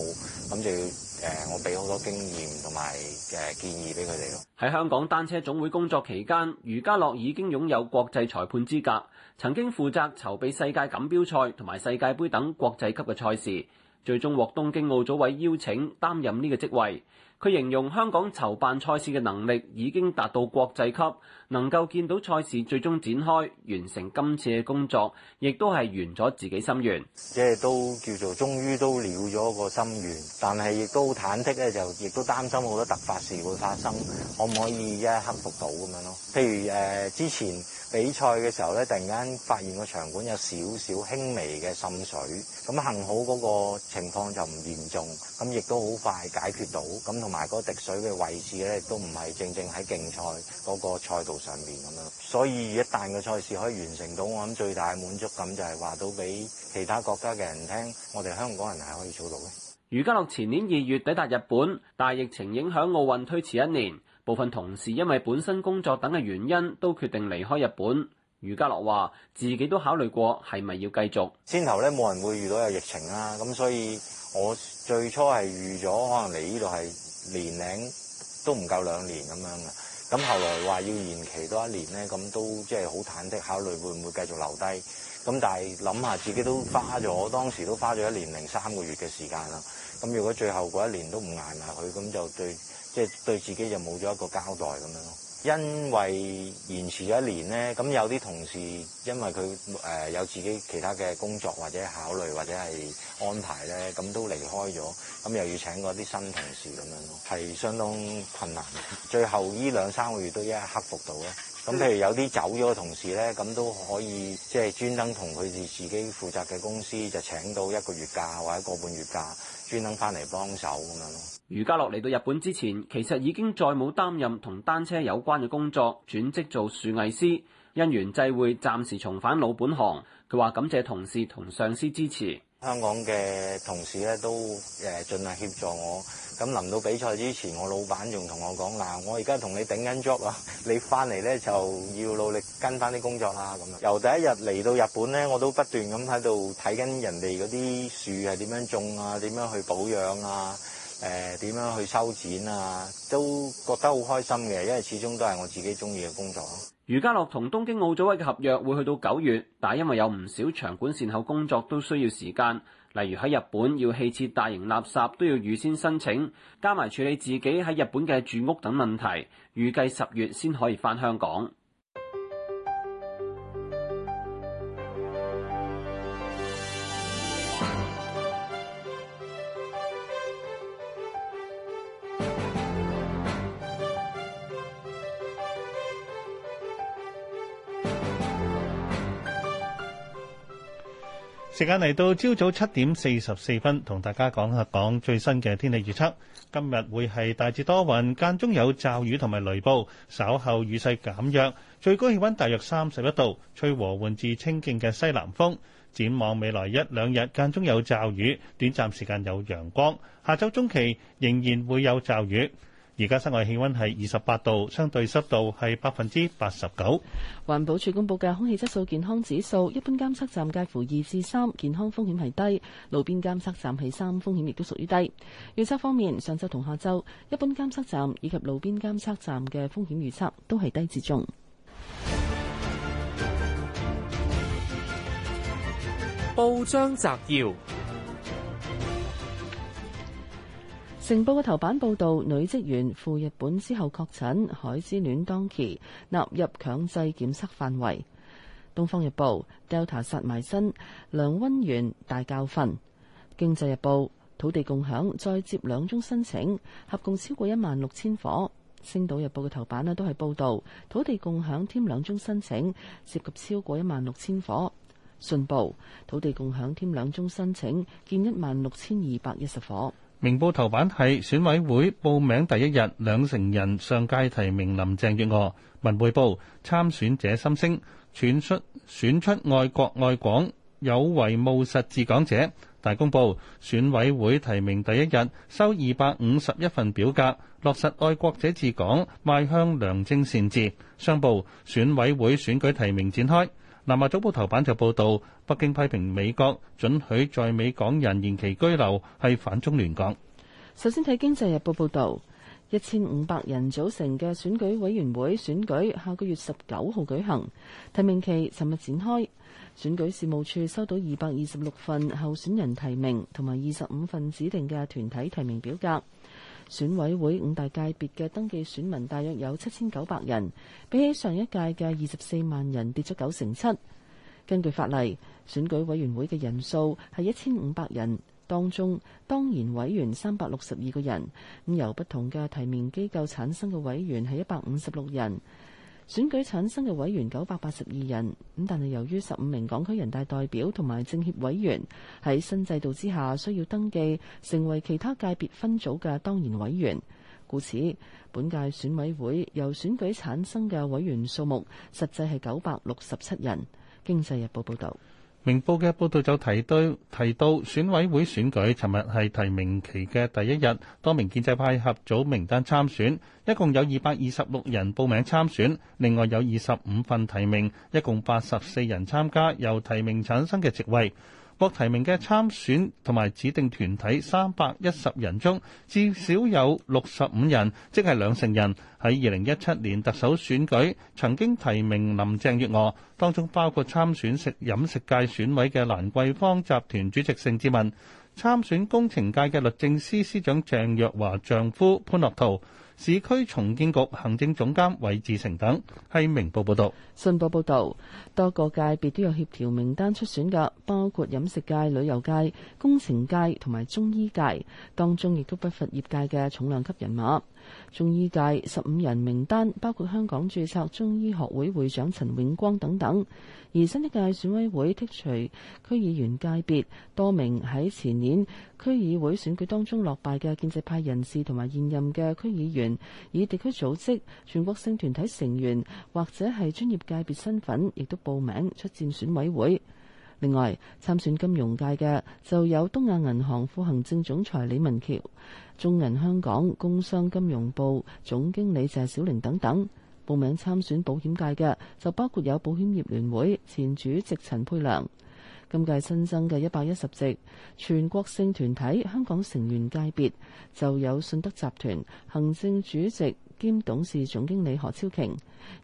咁就要。誒，我俾好多經驗同埋誒建議俾佢哋咯。喺香港單車總會工作期間，余家樂已經擁有國際裁判資格，曾經負責籌備世界錦標賽同埋世界杯等國際級嘅賽事，最終獲東京奧組委邀請擔任呢個職位。佢形容香港籌辦賽事嘅能力已經達到國際級，能夠見到賽事最終展開，完成今次嘅工作，亦都係完咗自己心願，即係都叫做終於都了咗個心願，但係亦都忐忑咧，就亦都擔心好多突發事會發生，可唔可以一克服到咁樣咯？譬如誒、呃、之前。比賽嘅時候咧，突然間發現個場館有少少輕微嘅滲水，咁幸好嗰個情況就唔嚴重，咁亦都好快解決到，咁同埋嗰滴水嘅位置咧，都唔係正正喺競賽嗰個賽道上面咁樣，所以一旦個賽事可以完成到，我諗最大嘅滿足感就係話到俾其他國家嘅人聽，我哋香港人係可以做到嘅。余家樂前年二月抵達日本，大疫情影響奧運推遲一年。部分同事因為本身工作等嘅原因，都決定離開日本。余家樂話自己都考慮過，係咪要繼續。先頭咧冇人會遇到有疫情啦、啊，咁所以我最初係預咗可能嚟呢度係年齡都唔夠兩年咁樣嘅。咁後來話要延期多一年咧，咁都即係好忐忑考慮會唔會繼續留低。咁但係諗下自己都花咗我當時都花咗一年零三個月嘅時間啦。咁如果最後嗰一年都唔挨埋佢，咁就對。即係對自己就冇咗一個交代咁樣咯，因為延遲咗一年咧，咁有啲同事因為佢誒、呃、有自己其他嘅工作或者考慮或者係安排咧，咁都離開咗，咁又要請嗰啲新同事咁樣咯，係相當困難嘅。最後呢兩三個月都一克服到啦。咁譬如有啲走咗嘅同事咧，咁都可以即係、就是、專登同佢哋自己負責嘅公司就請到一個月假或者個半月假。邊能翻嚟幫手咁樣咯。余嘉樂嚟到日本之前，其實已經再冇擔任同單車有關嘅工作，轉職做樹藝師。因緣際會，暫時重返老本行。佢話感謝同事同上司支持。香港嘅同事咧都誒盡量協助我。咁臨到比賽之前，我老闆仲同我講：嗱、呃，我而家同你頂緊 job 啊。你翻嚟咧就要努力跟翻啲工作啦。咁樣由第一日嚟到日本咧，我都不斷咁喺度睇緊人哋嗰啲樹係點樣種啊，點樣去保養啊，誒、呃、點樣去修剪啊，都覺得好開心嘅，因為始終都係我自己中意嘅工作。余家樂同東京奧組委嘅合約會去到九月，但因為有唔少場館善後工作都需要時間，例如喺日本要棄設大型垃圾都要預先申請，加埋處理自己喺日本嘅住屋等問題，預計十月先可以返香港。時間嚟到朝早七點四十四分，同大家講下講最新嘅天氣預測。今日會係大致多雲，間中有驟雨同埋雷暴，稍後雨勢減弱，最高氣温大約三十一度，吹和緩至清勁嘅西南風。展望未來一兩日間中有驟雨，短暫時間有陽光。下週中期仍然會有驟雨。而家室外氣温係二十八度，相對濕度係百分之八十九。環保署公布嘅空氣質素健康指數，一般監測站介乎二至三，健康風險係低；路邊監測站係三，風險亦都屬於低。預測方面，上晝同下晝，一般監測站以及路邊監測站嘅風險預測都係低至中。報章摘要。成報嘅頭版報導，女職員赴日本之後確診，海之戀當期納入強制檢測範圍。《東方日報》Delta 殺埋身，梁温源大教訓。《經濟日報》土地共享再接兩宗申請，合共超過一萬六千伙。《星島日報》嘅頭版咧都係報導土地共享添兩宗申請，涉及超過一萬六千伙。《信報》土地共享添兩宗申請，建一萬六千二百一十伙。明報頭版係選委會報名第一日，兩成人上屆提名林鄭月娥。文匯報參選者心聲，選出選出愛國愛港、有為務實治港者。大公報選委會提名第一日收二百五十一份表格，落實愛國者治港，邁向良政善治。商報選委會選舉提名展開。南華早報頭版就報道，北京批評美國准許在美港人延期居留係反中亂港。首先睇經濟日報報道，一千五百人組成嘅選舉委員會選舉下個月十九號舉行。提名期尋日展開，選舉事務處收到二百二十六份候選人提名同埋二十五份指定嘅團體提名表格。選委會五大界別嘅登記選民大約有七千九百人，比起上一屆嘅二十四萬人跌咗九成七。根據法例，選舉委員會嘅人數係一千五百人，當中當然委員三百六十二個人，咁由不同嘅提名機構產生嘅委員係一百五十六人。選舉產生嘅委員九百八十二人，咁但係由於十五名港區人大代表同埋政協委員喺新制度之下需要登記成為其他界別分組嘅當然委員，故此本屆選委會由選舉產生嘅委員數目實際係九百六十七人。經濟日報報道。明報嘅報道就提到，提到選委會選舉，尋日係提名期嘅第一日，多名建制派合組名單參選，一共有二百二十六人報名參選，另外有二十五份提名，一共八十四人參加，由提名產生嘅席位。獲提名嘅參選同埋指定團體三百一十人中，至少有六十五人，即係兩成人，喺二零一七年特首選舉曾經提名林鄭月娥，當中包括參選食飲食界選委嘅蘭桂坊集團主席盛智文，參選工程界嘅律政司司長鄭若驊丈夫潘樂圖。市區重建局行政總監韋志成等，係明報報道，信報報道，多個界別都有協調名單出選嘅，包括飲食界、旅遊界、工程界同埋中醫界，當中亦都不乏業界嘅重量級人馬。中醫界十五人名單包括香港註冊中醫學會會長陳永光等等，而新一屆選委會剔除區議員界別，多名喺前年區議會選舉當中落敗嘅建制派人士同埋現任嘅區議員，以地區組織、全國性團體成員或者係專業界別身份，亦都報名出戰選委會。另外參選金融界嘅就有東亞銀行副行政總裁李文橋。中銀香港工商金融部總經理謝小玲等等，報名參選保險界嘅就包括有保險業聯會前主席陳佩良。今屆新增嘅一百一十席，全國性團體香港成員界別就有信德集團行政主席兼董事總經理何超瓊，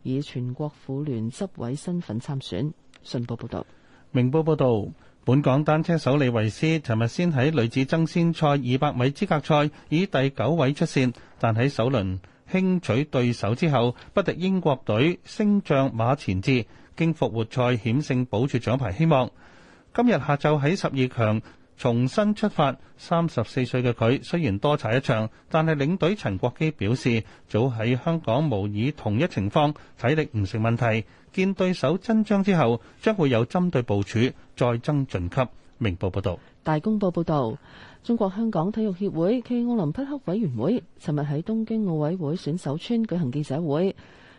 以全國婦聯執委身份參選。信報報道。明報報道。本港單車手李維斯，尋日先喺女子爭先賽二百米資格賽以第九位出線，但喺首輪輕取對手之後，不敵英國隊升將馬前志，經復活賽險勝保住獎牌希望。今日下晝喺十二強。重新出發，三十四歲嘅佢雖然多踩一場，但係領隊陳國基表示，早喺香港模擬同一情況，體力唔成問題。見對手真章之後，將會有針對部署，再增晉級。明報報道。大公報報道，中國香港體育協會暨奧林匹克委員會尋日喺東京奧委會選手村舉行記者會。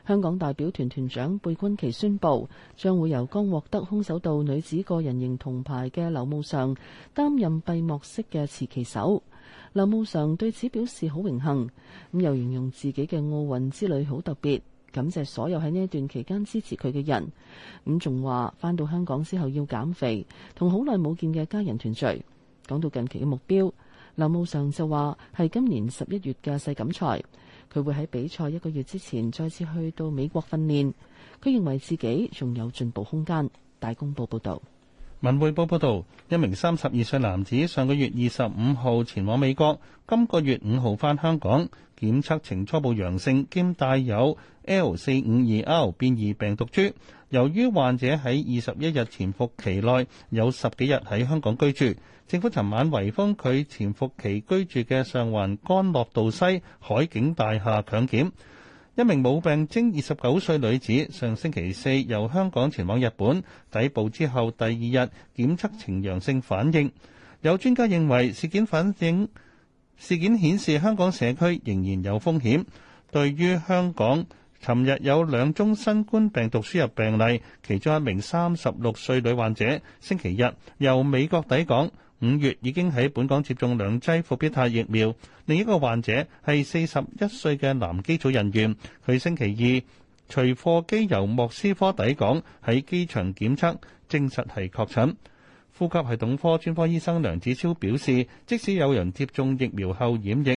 香港代表團團長貝君琪宣布，將會由剛獲得空手道女子個人型銅牌嘅劉慕常擔任閉幕式嘅持旗手。劉慕常對此表示好榮幸，咁又形容自己嘅奧運之旅好特別，感謝所有喺呢一段期間支持佢嘅人。咁仲話翻到香港之後要減肥，同好耐冇見嘅家人團聚。講到近期嘅目標，劉慕常就話，係今年十一月嘅世錦賽。佢會喺比賽一個月之前再次去到美國訓練。佢認為自己仲有進步空間。大公報報道：「文匯報報道，一名三十二歲男子上個月二十五號前往美國，今個月五號返香港，檢測呈初步陽性，兼帶有 L 四五二 R 變異病毒株。由於患者喺二十一日潛伏期內有十幾日喺香港居住。政府尋晚圍封佢潛伏期居住嘅上環干諾道西海景大廈強檢。一名冇病徵二十九歲女子，上星期四由香港前往日本抵埗之後，第二日檢測呈陽性反應。有專家認為事件反映事件顯示香港社區仍然有風險。對於香港，尋日有兩宗新冠病毒輸入病例，其中一名三十六歲女患者星期日由美國抵港，五月已經喺本港接種兩劑復必泰疫苗，另一個患者係四十一歲嘅男機組人員，佢星期二隨貨機由莫斯科抵港，喺機場檢測，證實係確診。呼吸系統科專科醫生梁子超表示，即使有人接種疫苗後染疫。